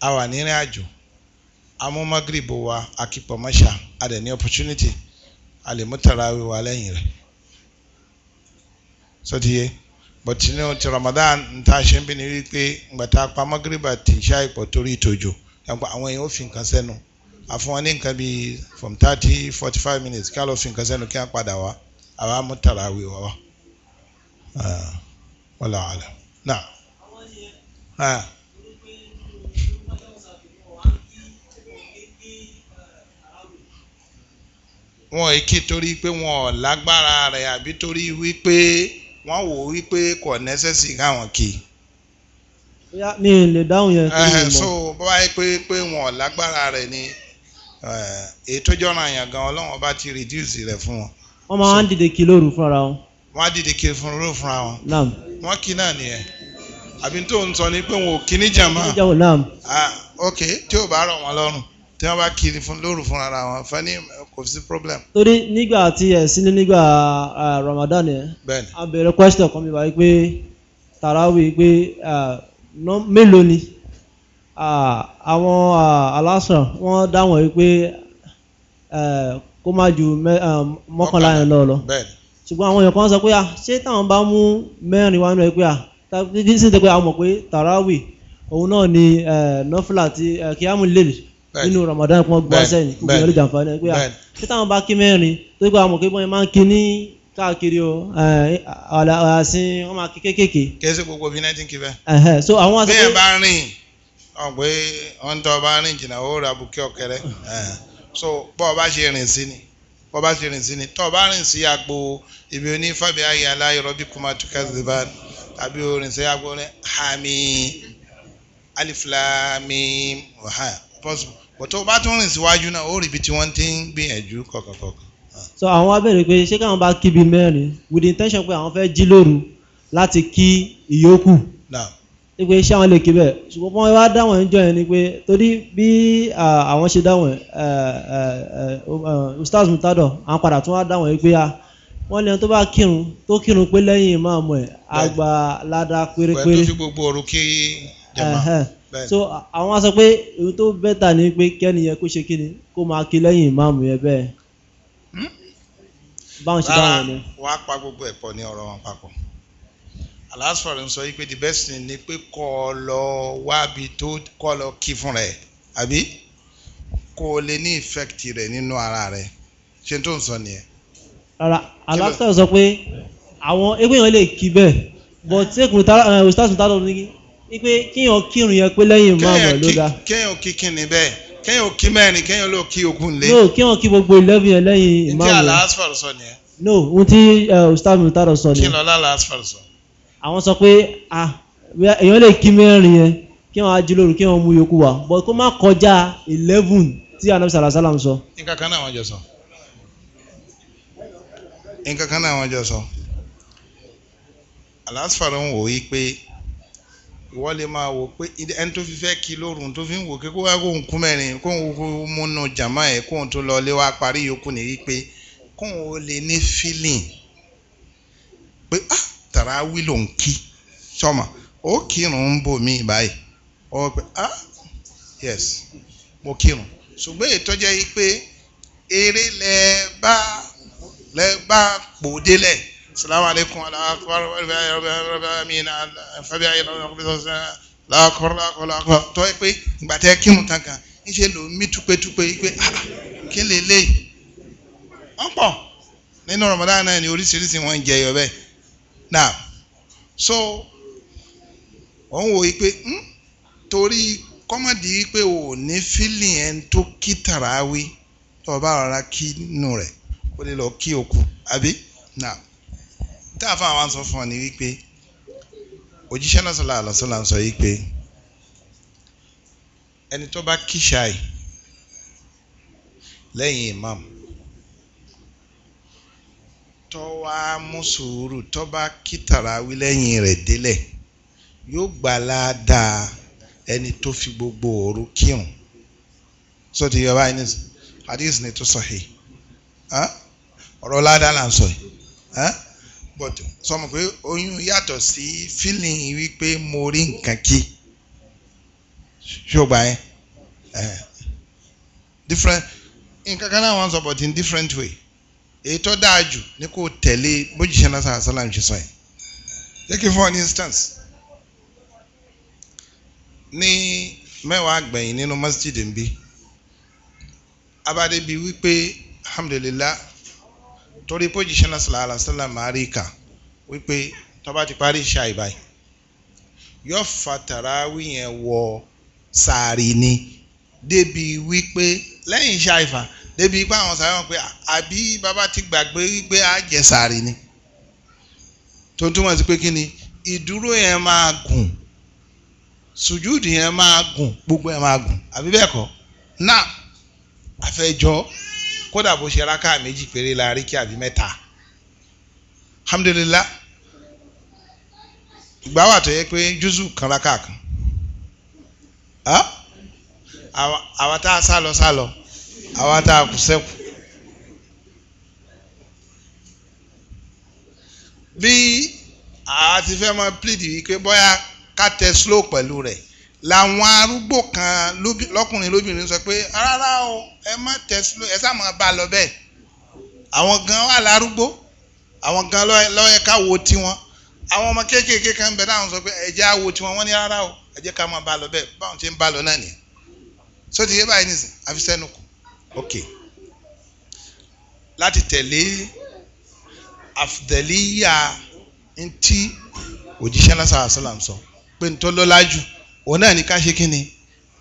S1: a wà nírìn àjò amú magrebu wa akipọ̀ mọ́ṣá a dẹ̀ ní opportunity a lè mú tàràwí wa lẹ́yìn rẹ̀ so ti yé but ní ti Ramadan nta ṣe ń bí ni wípé ngbàtà apá magriba ti ṣá ipò torí ìtòjò yàgbọ́ àwọn èèyàn ò fi nǹkan sẹ́nu àfún wọn ní nǹkan bíi from thirty forty five minutes ká lọ fi nǹkan sẹ́nu kí wọ́n padà wá àwa mú tàràwì wá wá ah, wàlá àlẹ náà. Ah. wọn èké torí pé wọn ò lágbára rẹ̀ àbí torí wípé wọ́n wò ó wípé kò necessary káwọn kì í. bóyá
S2: mi ì lè dáhùn yẹn kí n mọ. so
S1: bọ́wá yẹ pé pé wọn ò lágbára rẹ̀ ni eh, èyí tó jọ́ra yàn gan ọlọ́wọ́n bá ti reduce rẹ̀ fún wọn.
S2: wọ́n máa ń dìde kí lóru fúnra wọn.
S1: wọ́n á dìde kí lóru fúnra wọn. naam. wọ́n kí náà nìyẹn àbí tó ń sọ ni pé wọn ò kí ní jàmá. kí ní jàmá naam. ah ok tí ò bá rọ̀ wọn lọ́rùn tí wọ́n bá kiri fún lóru fún ara wọn fẹ́ ní kò sí problem.
S2: torí nígbà tí ẹ sílé nígbà Ramadan yẹn a bèrè question kan mi báyìí pé tàràwì pé mélòó ni àwọn aláṣọ wọn dáwọn yìí pé kó má ju mọ́kànlá yẹn lọ lọ ṣùgbọ́n àwọn èèyàn kan sọ pé à ṣé táwọn bá mú mẹ́rin wá nínú ẹ pé à tàbí sí ti pé àwọn mọ̀ pé tàràwì òun náà ni nọ́fìlà ti kíámù lèlè nínú Ramadan kí wọ́n gbọ́ sẹ́yìn kí wọ́n lè jàǹfààní pé ah, ṣé táwọn bá kí mẹ́rin tó gbọ́ àwọn òkè bọ́yẹn máa ń kí ní
S1: káàkiri o
S2: eh, àsìn wọ́n máa kí kéékèèké.
S1: kẹ́sì gbogbo bí nineteen kí bẹ́ẹ̀.
S2: so àwọn àti pé bẹ́ẹ̀ bá
S1: rìn ọ̀n pé wọ́n tọ́ bá rìn jìnnà ó ra bukẹ́ ọ̀kẹ́rẹ́ so bọ́ọ̀ bá ṣe rìn sí ni bọ́ọ̀ bá ṣe rìn sí ni tọ́ọ̀ bá rìn sí agbo ibi onífàbí ayé aláyọ̀rọ̀ bí kùmàtúkà zibá tàbí orin sí agbo rẹ̀ hàmì alifilami ọ̀hán possible bó tó bá tún rìn síwájú náà ó rí ibi tí wọ́n ti ń gbìyànjú kọ̀kọ̀kọ̀kọ̀.
S2: so àwọn wá béèrè pé ṣé káwọn bá kí ibi mẹ́rin with the intention pé àwọn fẹ́ jí lóru láti kí ìyókù ní pé ṣé àwọn lè kí bẹ́ẹ̀ ṣùgbọ́n wọ́n wá dáwọn ẹjọ́ yẹn ni pé torí bí àwọn ṣe dáwọn ustaz mutado àwọn padà tún wá dáwọn yìí pé wọ́n lẹ́nu tó bá kírun tó kírun pé lẹ́yìn ìmáàmù ẹ̀ àgbà ládàá pérépéré. pẹ̀lú
S1: gbogbo orúkí jẹ̀mọ́ so
S2: àwọn á sọ pé ohun tó bẹ́tà ni pé kẹ́ni yẹn kó ṣe kí ni kó máa kí lẹ́yìn ìmáàmù yẹn bẹ́ẹ̀ hmm? báwọn ṣe báwọn ni.
S1: wọ́n á pa gbogbo ẹ̀pọ̀ ní ọ̀rọ̀ wọn papọ̀ aláṣọ̀rọ̀ ń sọ yìí pé the best thing ni pé kọ́ ọ lọ wábi tó kọ́ ọ lọ kí fún rẹ̀ àbí kó o lè ní effect rẹ̀ nínú ara rẹ̀ ṣe tó ń sọ nìyẹn.
S2: rárá aláṣọ̀rọ̀ sọ pé àwọn ẹgbẹ́ yẹn lè kí bẹ́ẹ̀ but ṣé kùnú tá ọ̀sítàṣùn tá lọ́dún Ipe kíyàn kírun yẹn pé lẹ́yìn ìmáàmù ló dá.
S1: kéèyàn kí kíni bẹ́ẹ̀ kéèyàn kí mẹ́rin kéèyàn ló kí okun lé. no
S2: kéèyàn kí gbogbo eleven yẹn lẹ́yìn ìmáàmù. ntí alasfar sọ nìyẹn. no ohun tí eh, ustaz mutar sọ nìyẹn. kí
S1: lọ́la alasfar sọ.
S2: àwọn sọ pé ah èèyàn lè kí mẹ́rin yẹn kí wọ́n á jí kí wọ́n mú yòókù wá but kó má kọjá eleven tí anabi sàlàsàlàm sọ.
S1: nǹkan kan náà wọ́n jọ sọ. nǹkan kan náà wọ́n jọ sọ. alasfar ìwọ lè máa wò pé ẹni tó fi fẹ́ kí lóru tó fi ń wò pé kó wá kóhun kú mẹ́rin kóhun kú múnú jàmá ẹ̀ kóhun tó lọ lé wá parí yòókù ní wípé kóhun ó lè ní feeling pé ah tàràwí ló ń kí sọmọ ó kírun ń bò mí báyìí ọ pé ah yes mo kírun ṣùgbọ́n ètò jẹ́ pé eré lẹ́ẹ̀ bá lẹ́ẹ̀ bá pòdélẹ̀. السلام عليكم ورحمة الله وبركاته láàkọ́ láàkọ́ láàkọ́ tọ́ ẹ pé ìgbà tẹ́ kírun tán kan ń ṣe lò mí túpétúpé pé ah, ah, kí lè lè wọ́n pọ̀ nínú Ramadan náà ni oríṣiríṣi wọn ń jẹyọ bẹ́ẹ̀ now so òun wò pé hmm, torí kọ́mọ̀dì pé o ò ní fílì ẹni tó kí tàràwí tó o bá rọra kí nù rẹ̀ o lè lọ kí òkú àbí now tá a fa àwọn sọ fún ọ ní wípé òjíṣẹ́ náà sọlá àlọ́sọ́lá ń sọ wípé ẹni tó bá kíṣàì lẹ́yìn imam tó wá mú sùúrù tó bá kí tàràwí lẹ́yìn rẹ̀ délẹ̀ yóò gbà ládàá ẹni tó fi gbogbo òru kírun sọ ti yọ báyìí nísìnyí hadith ni tó sọ yìí ọ̀rọ̀ ládàá là ń sọ yìí but sọmọ pé oyún yàtọ̀ sí feeling wípé mo rí nǹkan kí ṣùgbọ́n ẹ e? eh. different nǹkan kan náà wọ́n sọ but in different way èyí tó dáa jù ní kò tẹ̀lé bójúṣe náà sàrà sálàm ṣe sọ yẹn e. take for an instance ní mẹ́wàá gbẹ̀yìn nínú masjid nbí abadé bíi wípé alhamdulillah torí pójíṣẹ́ náà sàlàyé àlàsílà máa rí kà wípé tọ́ba ti parí iṣẹ́ àìbáyì yóò fa tàràwí yẹn wọ sàárì ni débi wípé lẹ́yìn iṣẹ́ àìfà débi pé àwọn sàárì wọn pé àbí bàbá ti gbàgbé wípé á jẹ sàárì ni tó túmọ̀ sí pé kí ni ìdúró yẹn máa gùn sùjúdì yẹn máa gùn gbogbo yẹn máa gùn àbí bẹ́ẹ̀ kọ́ náà àfẹjọ́ kódà bó ṣe rákà méjì péré la rí kí àbí mẹ́ta alhamdulilah ìgbà wà tó yẹ pé júzù kan rákà kan àwa tá a sá lọ sá lọ àwa tá a kù sẹ́kù. bí a fẹ́ mọ plead wípé bóyá ká tẹ slow pẹ̀lú rẹ̀ làwọn arúgbó kan lọ́kùnrin lóbìnrin sọ pé rárá o ẹ má tẹ slow ẹ sáà máa bá a lọ bẹ́ẹ̀ àwọn gan wà lárúgbó àwọn gan lọ́yẹ ká wo tiwọn àwọn ọmọ kéékèèké kan ń bẹ táwọn sọ pé ẹ jẹ́ àwo tiwọn wọ́n ní rárá o ẹ jẹ́ ká máa bá a lọ bẹ́ẹ̀ báwọn ti ń bá a lọ náà nìyẹn so yé báyìí nìsín àfi kù ok láti tẹ̀lé àfùdẹ̀lẹ́yà ntí òjíṣẹ́ lásán àṣọ là pé ntọ́lọ́lá jù òun náà ní ká ṣe kíni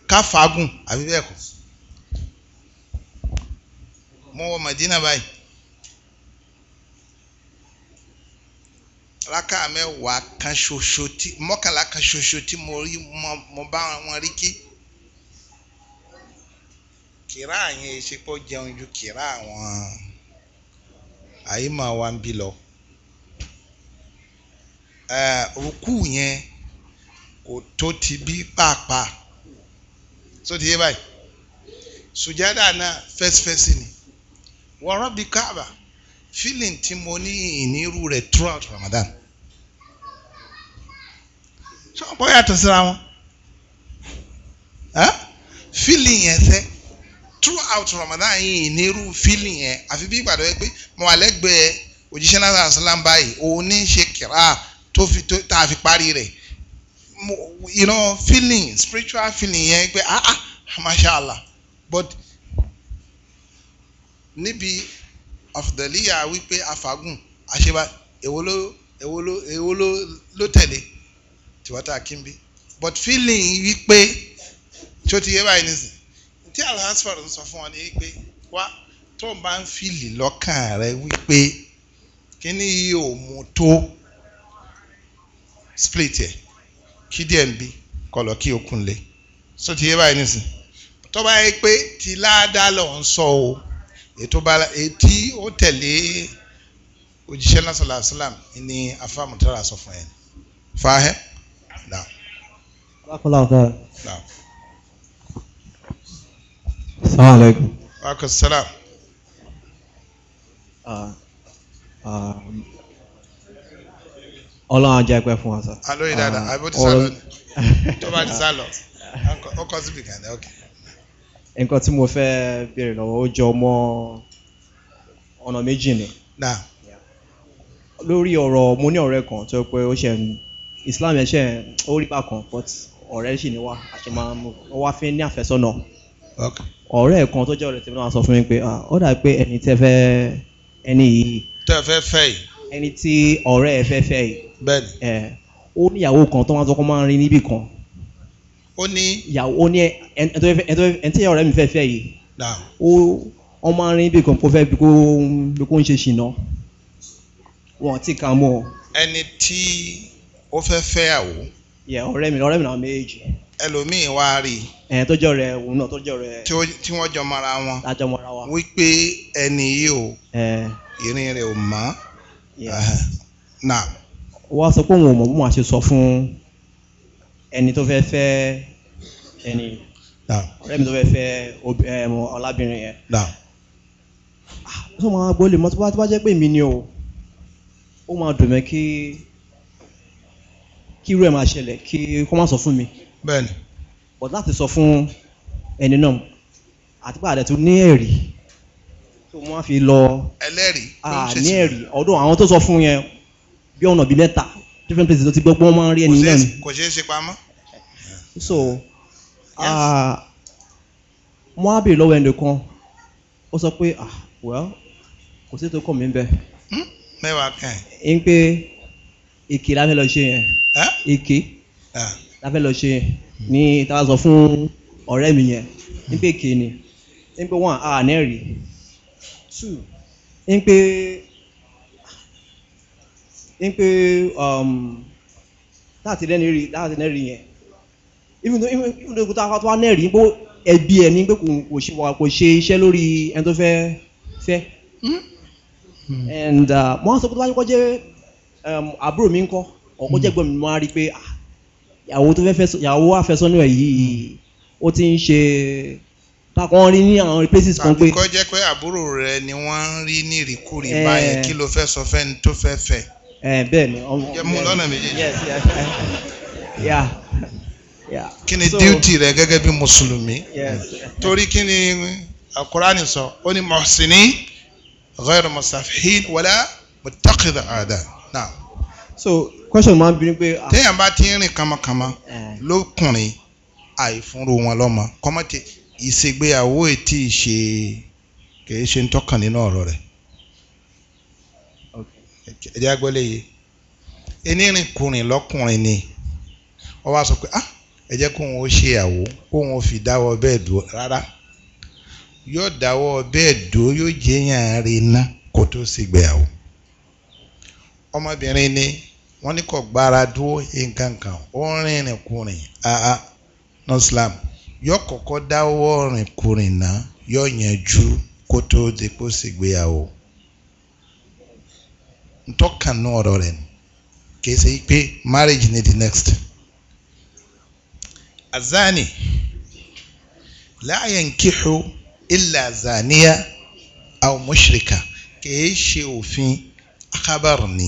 S1: ká fagùn àbí bẹ́ẹ̀ kọ́ mo wọ Madina báyìí raka mẹ́wàá kan ṣoṣo tí mọ́kànlá kan ṣoṣo tí mo rí mo bá wọn rí kí kìrá yẹn ṣe pọ̀ jẹun ju kìrá àwọn àyè máa wá ń bí lọ rúkú yẹn kò tó ti bí pàápàá so ti yé báyìí sùjádà náà fẹsifẹsi ni wọ́rọ́ bíi káàbà feeling tí mo ní ìnírú rẹ̀ throughout Ramadan ṣé wọ́n bọ́ yàtọ̀ síra wọn feeling yẹn sẹ́ throughout Ramadan yìí ìnírú feeling yẹn àfi bí ìgbàdọ̀ yẹn pé mo wà lẹ́gbẹ̀ẹ́ òjíṣẹ́ náà sàlám báyìí òun ní ṣe kìrà tó fi tá a fi parí rẹ̀ you know feeling spiritual feeling yẹn pé ah ah mashallah but níbi ọ̀fìdẹ̀líyà wípé afagùn àṣebá èwo ló èwo ló èwo ló ló tẹ̀lé tìwọ́tà kínbí but feeling wípé tí ó ti yé báyìí nísìn tí alhansford sọ fún wọn ni wípé wá tó bá ń fìlì lọ́kàn rẹ wípé kíní yìí ò mú tó split yẹn kí díẹ̀ ń bí kọlọ̀ kí okun lè so ti yé báyìí nísìn tó bá yẹ pé ti ládàá lọ ń sọ o ètò bá etí ó tẹ̀lé òjíṣẹ́ náà sọ̀rọ̀ àṣìlám ní afáàmùtárà sọ fún ẹ
S2: fàáhẹ́ nà.
S3: salaamaleykum.
S1: salaam. Ah, ah,
S3: Ọlọ́run ajá ẹgbẹ́ fún wa sọ. alo yìí dáadáa ah, àbí ó ti sálọ ni tó bá
S1: ti sálọ ó kọ́ síbi kan ní ọ̀kẹ́.
S3: nǹkan tí mo fẹ́ béèrè lọ́wọ́ ó jọ mọ́ ọ̀nà méjì ni. lórí ọ̀rọ̀ mo ní ọ̀rẹ́ kan tó pé ó ṣe Islam ẹ̀ ṣe ó rí bákan but ọ̀rẹ́ sì ni wá àṣẹ máa ń wá fi ní àfẹ́sọ́nà ọ̀rẹ́ kan tó jẹ́ ọ̀rẹ́ tèmi náà sọ fún mi pé ah, ó dà pé ẹni tẹ́ fẹ́ ẹni yìí. tẹ́ fẹ́ fẹ́ yìí. ẹni tí ọ̀rẹ́ ẹ fẹ́ fẹ́ yìí bẹ́ẹ̀ni. ẹ ó ní ìyàwó kan tó máa ń sọkọ máa ń rin níbì kan. ó ní. ìyàwó ó ní ẹni tí ọ̀rẹ́ mi fẹ́ fẹ́ yìí. ó ọ máa ń rin níbì kan kó fẹ́ bí kò ń ṣe ṣìnà wọn ti kà mọ́.
S1: ẹni tí ó fẹ́ fẹ́ àwò. yẹ ọ̀rẹ́ mi ọ̀rẹ́ mi náà méjì. ẹlòmíín wá rí i. ẹ tọjọ rẹ òun náà tọjọ rẹ. tí wọ́n jọ mara wọn. lájọ mara wa. wípé ẹni yìí o. ìrìn rẹ̀ ò mọ́. nà
S3: wá sọ pé òun ò mọ̀ bí wọ́n ṣe sọ fún
S1: ẹni tó fẹ́ fẹ́
S3: ẹni ọ̀rẹ́ mi tó fẹ́ fẹ́ ọlábìnrin yẹn tó ah, máa gbọ́ lè mọ́ tó bá tó bá jẹ́ pé mi ni o ó máa dùn mí kí kí irú ẹ̀ máa ṣẹlẹ̀ kí kó má sọ fún mi. bẹ́ẹ̀ni. but láti sọ fún ẹni náà àti pé àdẹ̀tún ní ẹ̀rí tó wọ́n fi lọ. ẹlẹ́rìí ló ń ah, ṣe sí. ní ẹ̀rí ọdún àwọn tó sọ fún yẹn bí ọ̀nà bíi mẹ́ta different places ló ti gbọ́ pé wọ́n máa ń rí ẹni náà
S1: kò ṣeé ṣe pamọ́.
S3: so mo ah, á bèrè lọ́wọ́ ẹnìkan ó sọ pé ah well kò sí ètò kọ̀ mí bẹ́ẹ̀. Hmm? mẹ́wàá kàn. ń pé èké la fẹ́ lọ ṣe yẹn èké la fẹ́ lọ ṣe yẹn ní tàbá sọ fún ọ̀rẹ́ mi yẹn hmm. ń pé èké ni ń pé one ah nẹ́ẹ̀rì two ń pé ń pé um, láti lẹ́ni rí láti lẹ́ni rí yẹn even though even though kúta tó wá nẹ́ẹ̀rí pé ẹbí ẹ̀ ní pé kò ṣe iṣẹ́ lórí ẹni tó fẹ́ fẹ́ hmm? Hmm. and uh, mo á sọ pé tó bá yẹ kó jẹ́ um, àbúrò mi ń kọ́ ọ̀kọ́ jẹ́ gbọ́n mi mo á rí i pé ah, ìyàwó tó fẹ́ ìyàwó wà fẹ́ sọ́nù ẹ̀ yìí ó ti ń ṣe takọ̀ rí ní àwọn places kan pé. àbíkọ́
S1: jẹ́ pé àbúrò rẹ ni wọ́n ń rí ní ìrìkúrì báyẹn eh. kí ló fẹ́ sọ fẹ́ni tó fẹ́ fẹ́. Eh, bẹ́ẹ̀ ni ọmọ yẹ mú lọ́nà méjèèjì. yes yeah yeah. kí ni duty rẹ gẹ́gẹ́ bí mùsùlùmí. yes. torí kí ni akurani sọ ó ní mọ̀sìnì ghayr musafihin wala mutakida ada naa. so question máa ń bí pé. Ah, téèyàn bá ti ń rìn kàmàkàmà eh. lókùnrin àìfúnru wọn lọ́mọ kọ́mọ́tì ìṣègbéyàwó ètí ìṣe kì í ṣe ń tọ́kàn nínú ọ̀rọ̀ rẹ̀ ẹ̀jẹ̀ agbọ́lé yìí enírìnkùnrin lọ́kùnrin ni wọ́n wá sọ pé ah ẹ̀jẹ̀ kóun ó ṣe àwò kóun ó fi dáwọ́ bẹ́ẹ̀ dúró rárá yóò dáwọ́ bẹ́ẹ̀ dúró yóò jẹ́yàn rẹ̀ ná kó tó sì gbéyàwó ọmọbìnrin ni wọ́n ní kò gbára dúró nǹkan kan ó rìnrìnkùnrin àá nọ́sílám yóò kọ́kọ́ dáwọ́ rìnkùnrin náà yóò yanjú kó tó di kó sì gbéyàwó ntọ́kàn náà ọ̀rọ̀ rẹ̀ kìí ṣe pé marriage ni the next. azani la yankihu illa zaniya aw mushrika kìí ṣe òfin akabar ni.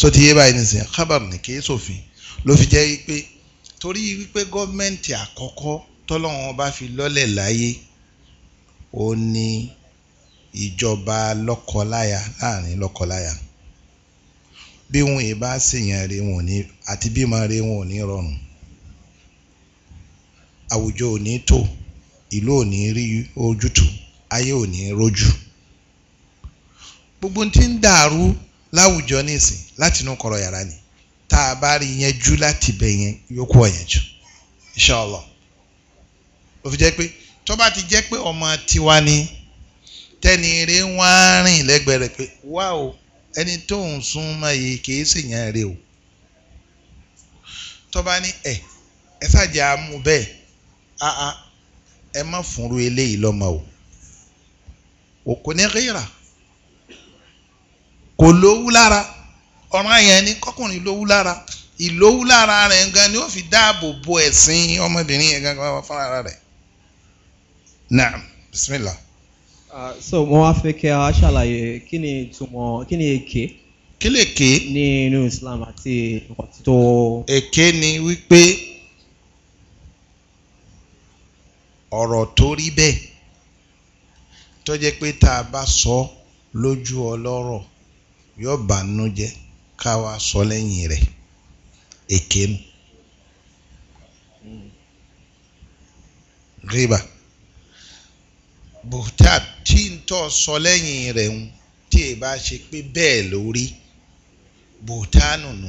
S1: sọtí yé báyìí nìsín akabar ni kìí ṣòfin ló fi jẹ́ pé torí wípé gọ́ọ̀mẹ̀ntì àkọ́kọ́ tọ́lọ́wọ́n bá fi lọ́lẹ̀ láyé ó ní ìjọba lọ́kọláya láàrin lọ́kọláya bí wọn ì bá ṣèyàn rẹ̀ wọn ò ní àti bímọ rẹ̀ wọn ò ní rọrùn àwùjọ ò ní tò ìlú ò ní rí ojútùú ayé ò ní rójú gbogbo tí ń dàrú láwùjọ nísìn láti inú kọ̀rọ̀ yàrá ni tá a bá rí yẹn jú láti bẹ̀ yẹn yókù ọ̀yẹn jù inshallah ó fi jẹ́ pé tó bá ti jẹ́ pé ọmọ tiwa ni tẹ́ni eré wọ́n á rìn lẹ́gbẹ̀ẹ́ rẹ̀ pé wá o ẹni tó ń sún mọ́ yìí kìí sì yàn rè o tọ́ba ní ẹ̀ ẹ ṣàjà mú bẹ́ẹ̀ áá ẹ má fúnru eléyìí lọ́mọ o òkú ní rírà kò lówú lára ọ̀ràn yẹn ní kọkùnrin lówú lára ìlówú lára rẹ̀ gan ni ó fi dáàbò bo ẹ̀sìn ọmọbìnrin yẹn gan fúnra rẹ̀
S3: naam bismillah. Uh, so mo wá fẹ́ kẹ́ a ṣàlàyé kí ni ìtumọ̀ kí ni èké. kí lè ké. ní inú Islam àti nǹkan tó.
S1: èké ni wípé ọ̀rọ̀ tó rí bẹ́ẹ̀ tó jẹ́ pé tá a bá sọ lójú ọlọ́rọ̀ yóò bànú jẹ́ ká wá sọ lẹ́yìn rẹ̀ èké nu. rìbá. Mm buhtab tí n tọ́ sọ lẹ́yìn rẹ̀ ń tí ẹ bá ṣe pé bẹ́ẹ̀ lórí buhtanu nù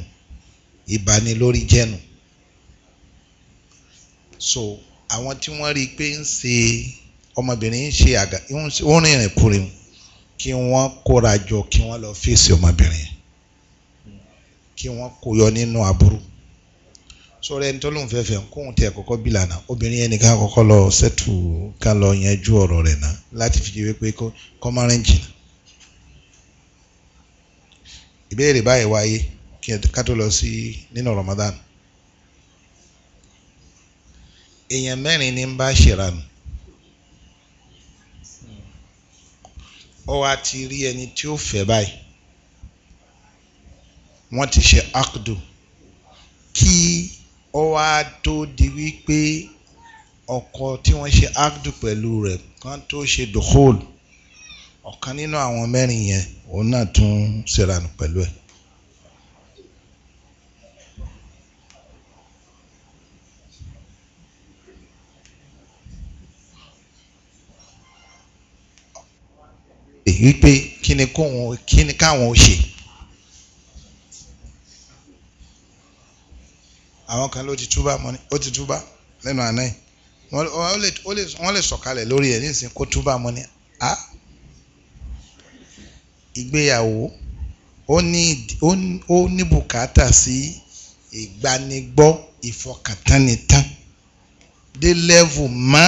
S1: ìbanilórí jẹ́nu so àwọn tí wọ́n rí i pé ń ṣe ọmọbìnrin ń ṣe àgà ń rìnrìn kùrìn kí wọ́n kóra jọ kí wọ́n lọ fèsì ọmọbìnrin kí wọ́n kó yọ nínú aburú. No sọ̀rọ̀ ẹni tó lóun fẹ́ ụtẹ kóun tẹ̀ obìnrin yẹn lọ sẹ́tù ká lọ yanjú ọ̀rọ̀ fi wípé kpe kọ́ márùn ìbéèrè báyìí wáyé kí ẹ lọ nínú Ramadan. èèyàn ni ń bá wá ti rí ẹni tí ó báyìí ó wá tó di wípé ọkọ tí wọ́n ṣe áàdù pẹ̀lú rẹ̀ kan tó ṣe dùkúl ọ̀kan nínú àwọn mẹ́rin yẹn òun náà tún ṣèrànù pẹ̀lú ẹ̀. wípé kí ni káwọn ó ṣe. àwọn kan ló ti túbà mọ́ ni ó ti túbà lẹ́nu àná yìí wọ́n lè sọ̀kalẹ̀ lórí ẹ̀ nísìn kó túbà mọ́ ni a ìgbéyàwó ó ní bùkátà sí ìgbanigbọ́ ìfọkàntánitán dé lẹ́vù mọ́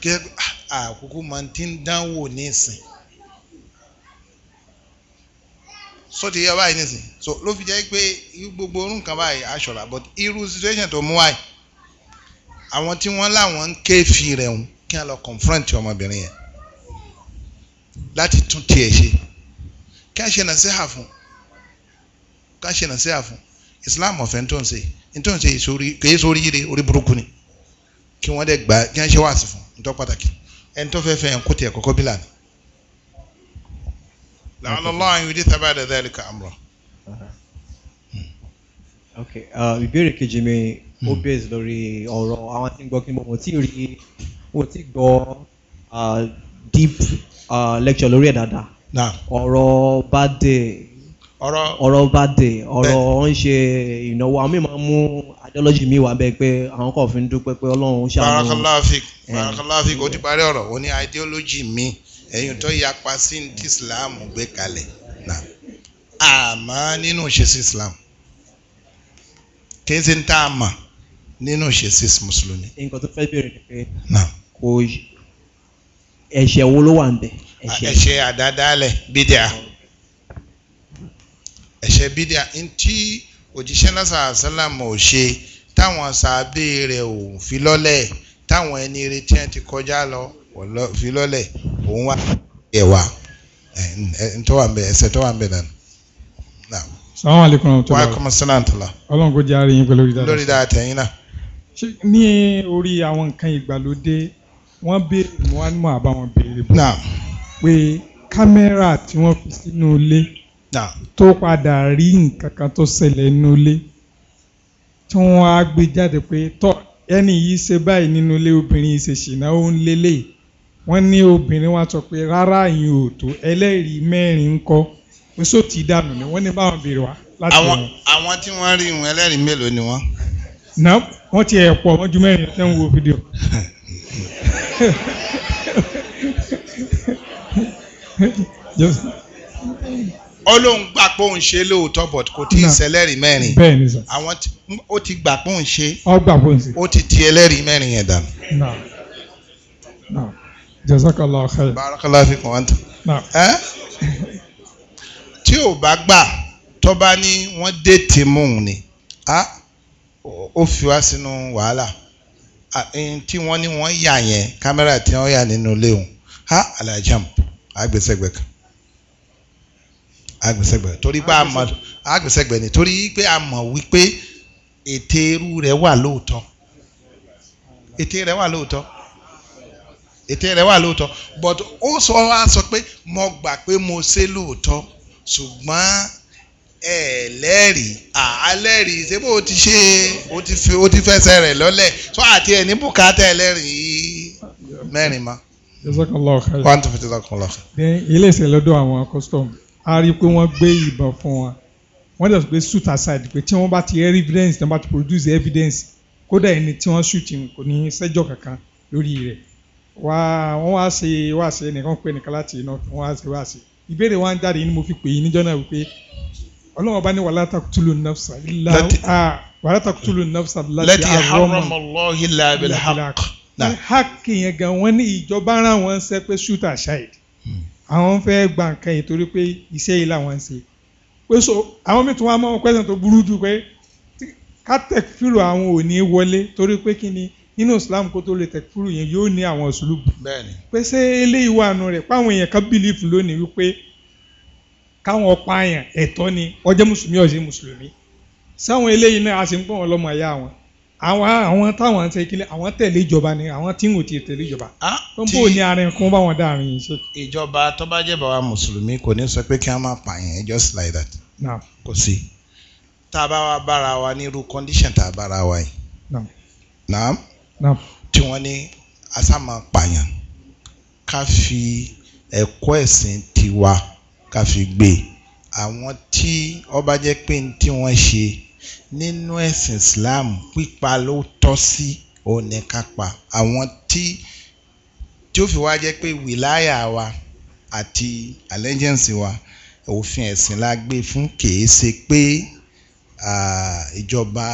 S1: kí àkókò máa ti ń dánwò nísìn. so ti yẹ báyìí nísìn so ló fi jẹ́ pé gbogbo orun kan báyìí aṣọra but irú situation tó mú wáyìí àwọn tí wọ́n láwọn ń ké fi rẹ̀ hùn kí wọ́n lọ confront ọmọbìnrin yẹn láti tún tiẹ̀ ṣe kí wọ́n ṣe nà sí àfún kí wọ́n ṣe nà sí àfún Islam ọ̀fẹ́ ń tó ń ṣe ń tó ń ṣe kìí sórí yíre orí burúkú ni kí wọ́n dẹ̀ gbà kí wọ́n ṣe wáàsí fún ń tó pàtàkì ẹni tó fẹ́ fẹ́ yẹn kó tiẹ̀ kọ́kọ́ bí lànà. لعل الله أن يحدث بعد ذلك أمره. Uh-huh.
S3: Okay, uh, ìbéèrè kejì mi ó hmm. base lórí ọ̀rọ̀ àwọn tí ń gbọ́ kí mo ti rí mo ti gbọ́ uh, deep uh, lecture lórí ẹ̀ dáadáa. ọ̀rọ̀ bá dé ọ̀rọ̀ bá dé ọ̀rọ̀ ń ṣe ìnáwó àwọn mímọ́ mú ideology mi wà bẹ́ẹ̀ pé àwọn kan fi ń dúpẹ́ pé Ọlọ́run ṣàánú. barakalafik
S1: barakalafik o ti parí ọ̀rọ̀ o ní ideology mi. ẹ̀yin tó yapa sí ní tí islam gbé kalẹ̀ náà àmọ́ nínú ìṣesí islam kìí ṣe ń tá a mọ̀ nínú ìṣesí mùsùlùmí. nǹkan tó fẹ́ bèrè ni pé kò ẹ̀ṣẹ̀
S3: wo ló wà ń bẹ̀.
S1: ẹ̀ṣẹ̀ àdádálẹ̀ bídíà ẹ̀ṣẹ̀ bídíà ntí òjíṣẹ́ lásà sálàmù ò ṣe táwọn sàábé rẹ̀ ò fi lọ́lẹ̀ táwọn ẹni retí ẹ̀ ti kọjá lọ fi lọ́lẹ̀ òun wá ẹ̀wà ntọ́wà ń bẹ ẹsẹ̀ tọ́wà ń bẹ dànù.
S4: sàwọn àlekún ọ̀tọ̀ wa kọ́mọ sinantala. ọlọ́run kò jẹ́ àárín yín pẹ̀lú orídàá. lórí dáa tẹ̀yìn náà. ní orí àwọn nǹkan ìgbàlódé wọ́n béèrè mọ́ánmọ́ àbáwọn béèrè bọ́. pé kámẹ́rà tí wọ́n fi sínú ilé tó padà rí nǹkan kan tó ṣẹlẹ̀ nínú ilé tí wọ́n á gbé jáde pé tọ́ ẹni yìí ṣe báyìí nínú ilé obìnrin yìí ṣe ṣìnà ó ń lélẹ́yìí wọ́n ní obìnrin wa sọ pé rárá yìí ò tó ẹlẹ́rìí mẹ́rin ń kọ́ pé só ti dànù ni wọ́n ní báwọn béèrè wa láti wọn.
S1: àwọn tí wọ́n rí ìwọ̀n ẹlẹ́rìí mélòó ni wọ́n.
S4: nà wọ́n ti ẹ̀ pọ̀ wọ́n ju mẹ́rin tẹ́ ń wo fídíò.
S1: ó gbà pé òun ṣe lóòótọ́ but kò tí ì ṣẹlẹ́rìí mẹ́rin àwọn ó ti gbà pé òun ṣe ó ti ti ẹlẹ́rìí mẹ́rin yẹn
S4: dànù jazakallah khair.
S1: barakallah fi kàn wá tán. tí ò bá gbà tó bá ní wọ́n dé tèmú ni ó fi wá sínú wàhálà tí wọ́n ní wọ́n yà yẹn kámẹ́rà tí wọ́n yà nínú ilé òun ha alajam agbèsègbè kan agbèsègbè torí pé a mọ̀ agbèsègbè ni torí pé a mọ̀ wípé ète irú rẹ̀ wà lóòótọ́ ète rẹ̀ wà ètè rẹ̀ wà lóòótọ́ but ó sọ wá sọ pé mo gbà pé mo ṣe lóòótọ́ ṣùgbọ́n ẹ lẹ́rìí àálẹ́rìí ṣé bó o ti ṣe o ti fi o ti fẹsẹ̀ rẹ̀ lọ́lẹ̀ tó àti ẹ̀ ní bùkátà ẹlẹ́rìí mẹ́rin ma. one two fifty thousand lọ.
S4: ilé ìṣẹ̀lẹ̀ lọ́dọ̀ àwọn custom a rí i pé wọ́n gbé ìbọn fún wọn wọ́n dẹ̀ sọ pé shoot aside pé tí wọ́n bá ti evidence tí wọ́n bá ti produce evidence kódà ẹni tí wọ́n shoot kò ní sẹ́jọ́ kankan lórí rẹ̀ wọ́n wá ṣe wáṣẹ ẹnìkan pé nìkan láti iná wọ́n wá ṣe wáṣẹ ìbéèrè wa ń jáde yìí ni mo fi pè yín níjọ́ náà wípé ọlọ́wọ́n bá ní wàhálà takutulu nafsa ilá wàhálà takutulu nafsa láti arọ́mọlọ́hìn lábẹ́lẹ́ hàk. hàk yẹn gan wọ́n ní ìjọba ara wọn ṣe pé shoot aside hmm. àwọn fẹ́ gba nǹkan yìí torí pé iṣẹ́ yìí làwọn ń ṣe pé so àwọn mi tún wá mọ́ wọn pẹ́sẹ̀ tó burú jù pé kátẹ́kì fìlò àwọn ò ní wọlé torí pé kí ni nínú Islam kó tó lè tẹ̀kúrú yẹn yóò ní àwọn òṣùlùbù. bẹ́ẹ̀ni. pé ṣé eléyìí wà nù rẹ̀ páwọn èèyàn kan bìlífù lónìí wípé káwọn ọ̀pá àyàn ẹ̀tọ́ ni ọjọ́ mùsùlùmí ọ̀sẹ̀ mùsùlùmí sáwọn eléyìí náà a sì ń pọ̀ wọn lọ́mọ ẹ̀yà wọn àwọn àwọn táwọn ń sẹ́kílé àwọn tẹ̀lé ìjọba ni àwọn tí ń wò ti tẹ̀lé ìjọba. tó ń bò ní arin kún báwọn dáàrin yìí ṣe.
S1: ìjọba tó bàbá mùsùlùmí kò ní sọ pé kí wọ́n máa pààyàn just like that. kò sí. tá a bá wa bára wa ní irú condition tá a bára wa yìí. naam. naam tí wọ́n ní asámà pààyàn ká fi ẹ̀kọ́ ẹ̀sìn tiwa ká fi gbé àwọn tí ọba jẹ́ pé ní tí wọ́n ṣe nínú ẹ̀sìn Islam pípa ló tọ́ sí òní kápá àwọn tí tí ó fi wá jẹ́ pé wìláyà wa àti allegiance wa òfin ẹ̀sìn la gbé fún kìí ṣe pé ìjọba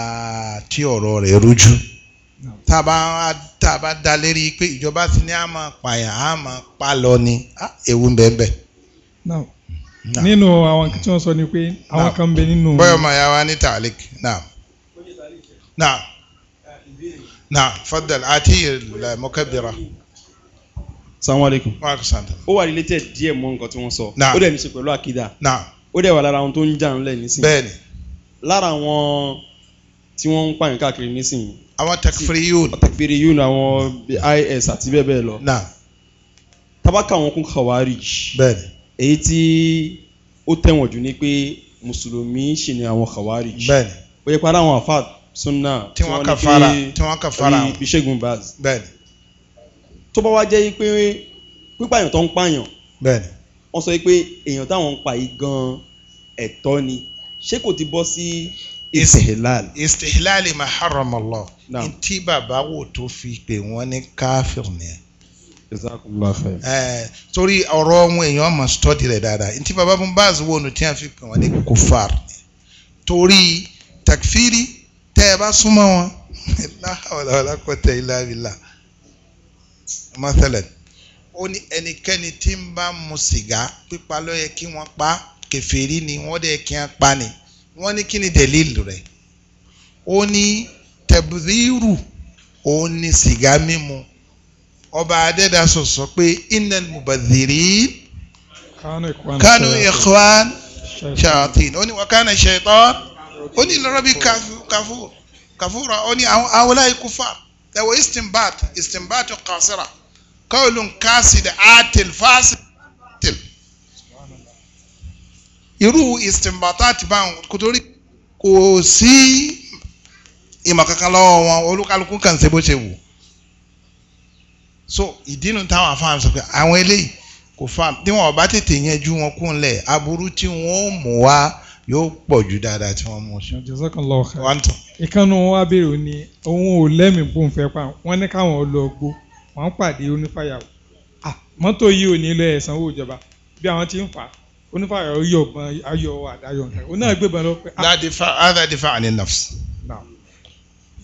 S1: tí ọ̀rọ̀ rẹ̀ rújú tá a bá tá a bá da lérí pé ìjọba ti ní a máa pààyà a máa pa lọ ni ewu ń bẹ́ẹ̀
S4: bẹ́ẹ̀. nínú àwọn tí wọ́n sọ ni pé àwọn kan bẹ nínú. bọ́yọ̀ máa yá wa ní taalik náà. náà
S1: náà fadal àti mọ́kẹ́bìrà. salamu aleykum. wa rahmatulahi.
S4: ó wà related díẹ̀ mọ́ nǹkan tí wọ́n sọ. náà ó dẹ̀ ní í ṣe pẹ̀lú àkídà. náà ó dẹ̀ wà lára àwọn tó ń jà ńlẹ̀ nísìnyí. bẹ́ẹ̀ni. lára àwọn tí wọ́n ń pààyàn káàkiri nísìnyí àwọn takfiriyun. takfiriyun àwọn is àti bẹ́ẹ̀ bẹ́ẹ̀ lọ. na. tabaka wọn kún khawarij. bẹ́ẹ̀ni. èyí tí ó tẹ̀wọ̀n jù ni pé mùsùlùmí ṣì ni àwọn khawarij. bẹ́ẹ̀ni. ó yẹ para àwọn afa sunna. tí wọ́n kà fara tí wọ́n kà fara wọn. ìṣègùn baz. bẹ́ẹ̀ni. tó bá wá jẹ́ pé pípààyàn tó ń pààyàn. bẹ́ẹ̀ni. wọ́n sọ pé èèyàn táwọn ń pa yìí gan-an ẹ̀tọ́ ni ṣé kò ti bọ́ sí istihlal. istihlal ma Allah ní tí
S1: bàbá wò tó fi pè wọ́n ní káfíìn nìyẹn. torí ọ̀rọ̀ ohun èèyàn máa stọ́dì rẹ̀ dáadáa ní tí bàbá fún báàsì wò nù tí wọ́n fi pè wọ́n ní kófàr torí takfiri tẹ́ ẹ bá súnmọ́ wọn láhàwọ̀láhàwọ̀lá kọ́tẹ́ ilá ilá mọ́tẹ́lẹ̀ ó ní ẹnikẹ́ni tí ń bá mu sìgá pípa ló yẹ kí wọ́n pa kèfèrí ni wọ́n dẹ̀ kí wọ́n pa ni wọ́n ní kí ni dẹ̀líìlì rẹ̀ ó ní tẹ̀bùdírù òun ni sìgá mímu ọba adédàsọ sọ pé innal mubadhirin kánú ikhwan shayatin ó ní wa kana shaytan ó ní lọ́rọ́bí kàfúrà ó ní awolá ikú fà ẹ̀wọ̀ istinbat istinbat qasira kọ́ọ̀lù kásìdì àtìl fásitìl irú istinbatat báwọn kò torí kò sí ìmọ̀ kankan lọ́wọ́ wọn olúkálukú kàn ṣe bó ṣe wù so ìdínú táwọn afáàn sọ pé àwọn eléyìí kò fáàm tí wọn bá tètè yanjú wọn kún lẹ̀ aburú tí wọn ó mú wá yóò pọ̀ ju dáadáa tí wọ́n mú sí.
S4: jazakallahu khair ìkànnì wọn wá béèrè ní òun ò lẹ́mìí bóun fẹ́ pa wọn ní káwọn lọ gbó wọn pàdé onífàyàwó mọ́tò yìí ò ní lọ ẹ̀sánwó ìjọba bí àwọn ti ń fà á onífàyàwó yọ̀ ọ̀bọ̀n ayọ̀ àdáyọ̀ nǹkan òun náà gbébọn lọ pé. Ah,
S1: láti fa àdàdífà àní nafs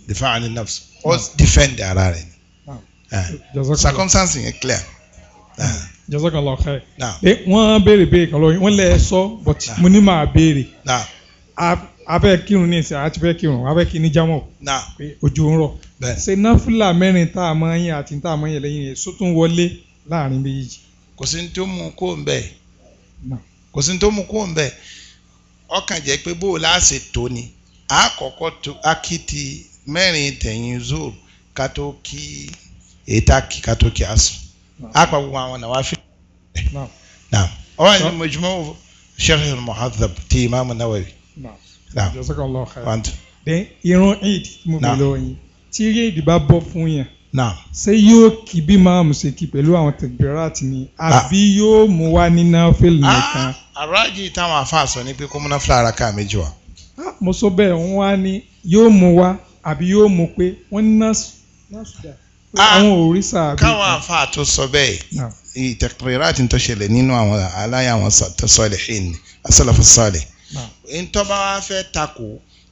S4: difa ani nafs ó ah. defend ara rẹ̀ ni circumstance yẹn clear. Ah. Ah. jazakallah khair. Eh, wọ́n béèrè béèrè kan lọ́wọ́ wọ́n lẹ̀ sọ but mo ní máa béèrè abẹ́ kírun ní ìsìn àti bẹ́ kírun abẹ́ kí ní jámọ̀ ojú ń rọ̀ ṣe náfìlà mẹ́rin tá a máa ń yìn àti tá a máa ń yìn lẹ́yìn yẹn sótún wọlé láàrin méjì.
S1: kò sí ní tó mú kó ń bẹ̀ kò sí ní tó mú kó ń bẹ̀ ọkàn jẹ́ pé bó o láṣẹ tó ni àkọ́kọ́ tó akí mẹ́rin tẹ̀yìn zoro ká tó kí ètà kí ká tó kí asùn á pa gbogbo àwọn náà wá fi. ọwọ́ ẹni mọ̀júmọ́ sharh al-muhadhab ti imaamu nawawi.
S4: jazakallahu khairan. irun eid mo bẹ̀ lọ́wọ́ tí eid bá bọ́ fún yẹn ṣé yóò kí bí máàmù ṣe kí pẹ̀lú àwọn tẹ̀gbẹ̀rẹ́tì ni àbí ah. yóò mú wá ní náfẹ́lì ah, nìkan.
S1: àràjì táwọn afa ni pé kó múná fúlà ara ká méjì wá.
S4: Ah, mo sọ bẹ́ẹ̀ wọ́n wá ní yóò mú wá àbí yóò mú pé wọ́n ní násùdà ah, àwọn òrìṣà àbí. káwọn
S1: àfáà tó sọ bẹ́ẹ̀ ìtẹ̀kùrẹ́ràtì tó ṣẹlẹ̀ nínú àwọn aláya àwọn tó sọlẹ̀ ṣìn asọ́lọ́fọ́ sọlẹ̀ ntọ́ba wa fẹ́ takò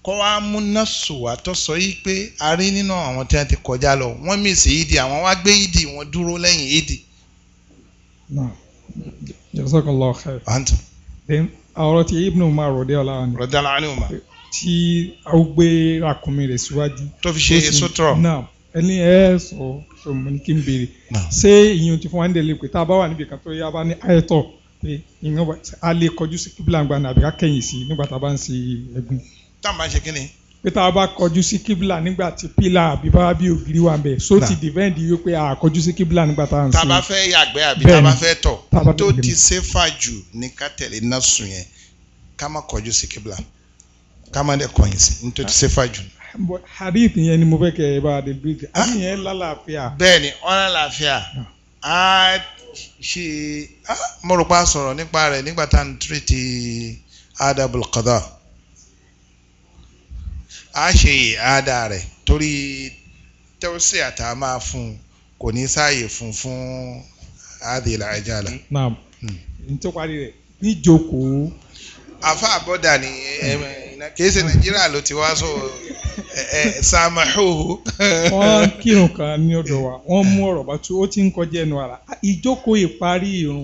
S1: kọ́ wa mú násù wa tó sọ yìí pé a rí nínú àwọn tí wọ́n ti kọjá lọ wọ́n mèsì ìdì àwọn wá gbé ìdì wọn dúró lẹ́yìn ìdì.
S4: jazakallah khair. ọ̀rọ̀ ti ibnu umar rọ̀dẹ́ ọ̀la tí ó gbé ràkúnmí rẹ̀ síwájú. tó fi ṣe sotro. náà ẹni ẹ sọ sọ mo ní kí n béèrè. ṣé ìyẹn ti fún wa ń délé pé tá a bá wà níbi kan tó a bá ní ayẹtọ̀ pé ìyẹn a lè kọjú sí kíbla ńgbà ní sí nígbà tá a bá ń ṣe ẹ̀gbin.
S1: tá a bá ṣe kí ni
S4: pé tá a bá kọjú sí kíbla nígbà tí pílà àbí bá bí ògiri wà bẹ̀ so ti dìvẹ́ǹdì wípé a kọjú sí kíbla nígbà tá à ń sìn. tá a bá fẹ́
S1: yàgbẹ́ àbí tá a bá fẹ́ tọ̀ tó ti ṣe fà jù ní ká tẹ̀lé náà sùn yẹn
S4: kama de kɔn si n tó ti se fa jù. hadith yẹn ni mo fẹ́ kẹ́ ẹ bá de bi tẹ àmì yẹn lálàáfíà.
S1: bẹ́ẹ̀ni ọ̀nà làáfíà a ṣe mo rò pa sọ̀rọ̀ nípa rẹ̀ nígbà tá à ń tìrìtì adabul kada. a ṣe ìhádà rẹ̀ torí tẹ́wọ́sì àtà máa fún un kò ní sáàyè fún fún adìyẹ àjàlá. naam hmm. n tó parí rẹ̀
S4: níjókòó.
S1: àfa àbọ̀dà ni ẹ ẹ kìí ṣe nàìjíríà ló ti wá so ẹ samahuhu. wọ́n
S4: kírun kan ní ọ̀dọ̀ wa wọ́n mú ọ̀rọ̀ bá tú ó ti ń kọjá ẹnu ara ìjókòó ìparí irun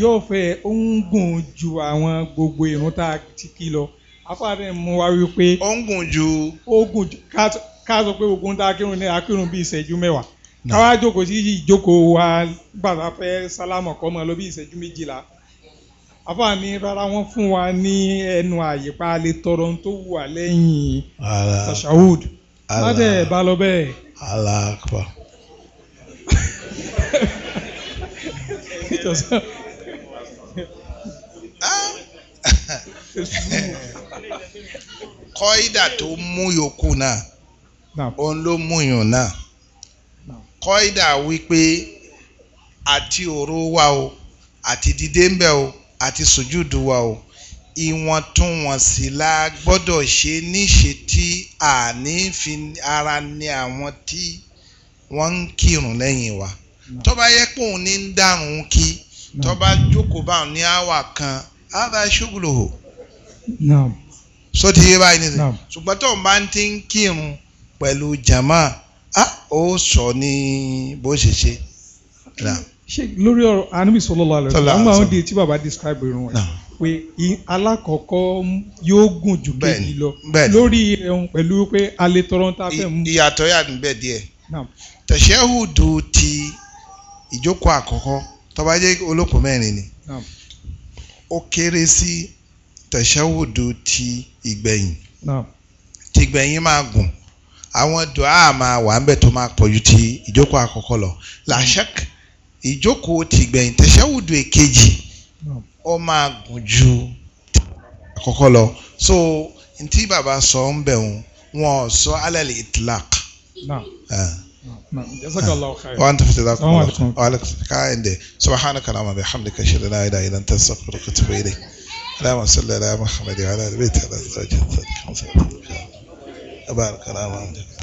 S4: yóò fẹ́ ó ń gùn ju àwọn gbogbo irun tá a ti kí lọ afárẹ́ mu wá wípé. ó ń gùn ju. ó gùn ju ká sọ pé ogun tá a kírun ní akírun bíi ìṣẹ́jú mẹ́wàá káwá jókòó sí ìjókòó wa gbàgbà fẹ́ sálámọ̀ kọ́ mọ́ lọ bí ìṣẹ́jú méjìlá àfáà ní rárá wọ́n fún wa ní ẹnu àyè pa lè tọrọ ohun tó wù wá lẹ́yìn tashahud láti ẹ̀ bá lọ bẹ́ẹ̀.
S1: kọ́ídà tó mú yòókù náà òun ló mú yòó náà kọ́ídà wípé àti òru wà o àti dídé ń bẹ̀ o àti sùjúdù wa o ìwọ̀ntúnwọ̀nsì la gbọ́dọ̀ ṣe níṣe tí àní fi ara ní àwọn tí wọ́n ń kírun lẹ́yìn wa tó bá yẹ pé òun ní ń dárun kí tó bá jókòó bá òun ní àwà kan á bá ṣúgùlò hò sóti yé báyìí nìyẹn ṣùgbọ́n tó ń bá ń ti ń kírun pẹ̀lú jama á ó sọ ní bó ṣe ṣe
S4: ṣe lórí ọ̀rọ̀ anabi sallallahu alaihi wasallam àwọn àwọn di tí bàbá describe irun wọn pé alákọ̀ọ́kọ́ yóò gùn ju kejì lọ lórí ẹ̀hún pẹ̀lú pé alẹ́ tọrọ ń ta fẹ́ mú.
S1: ìyàtọ̀ yà níbẹ̀ díẹ̀
S4: tẹ̀síẹ́hùdù ti ìjókòó àkọ́kọ́ tó jẹ́
S1: olókùn mẹ́rin ni ó kéré sí tẹ̀síẹ́hùdù ti ìgbẹ̀yìn ti ìgbẹ̀yìn máa gùn àwọn dùá máa wà ń bẹ̀ tó máa pọ̀jù ti ìjókòó àkọ́kọ́ lọ làṣẹ́kì ìjókòó ti gbẹ̀yìn tẹ̀síáwùdù èkejì ó máa gùn ju àkọ́kọ́ lọ so ntí bàbá sọ ń bẹ̀ wọn wọn sọ alẹ́lẹ̀ itlaq.
S4: وأن تفتح ذاك
S1: وعليك كائن سبحانك اللهم وبحمدك أشهد أن لا إله إلا أنت أستغفرك وأتوب إليك اللهم صل على محمد وعلى آل بيته وعلى أزواجه وصحبه وسلم بارك الله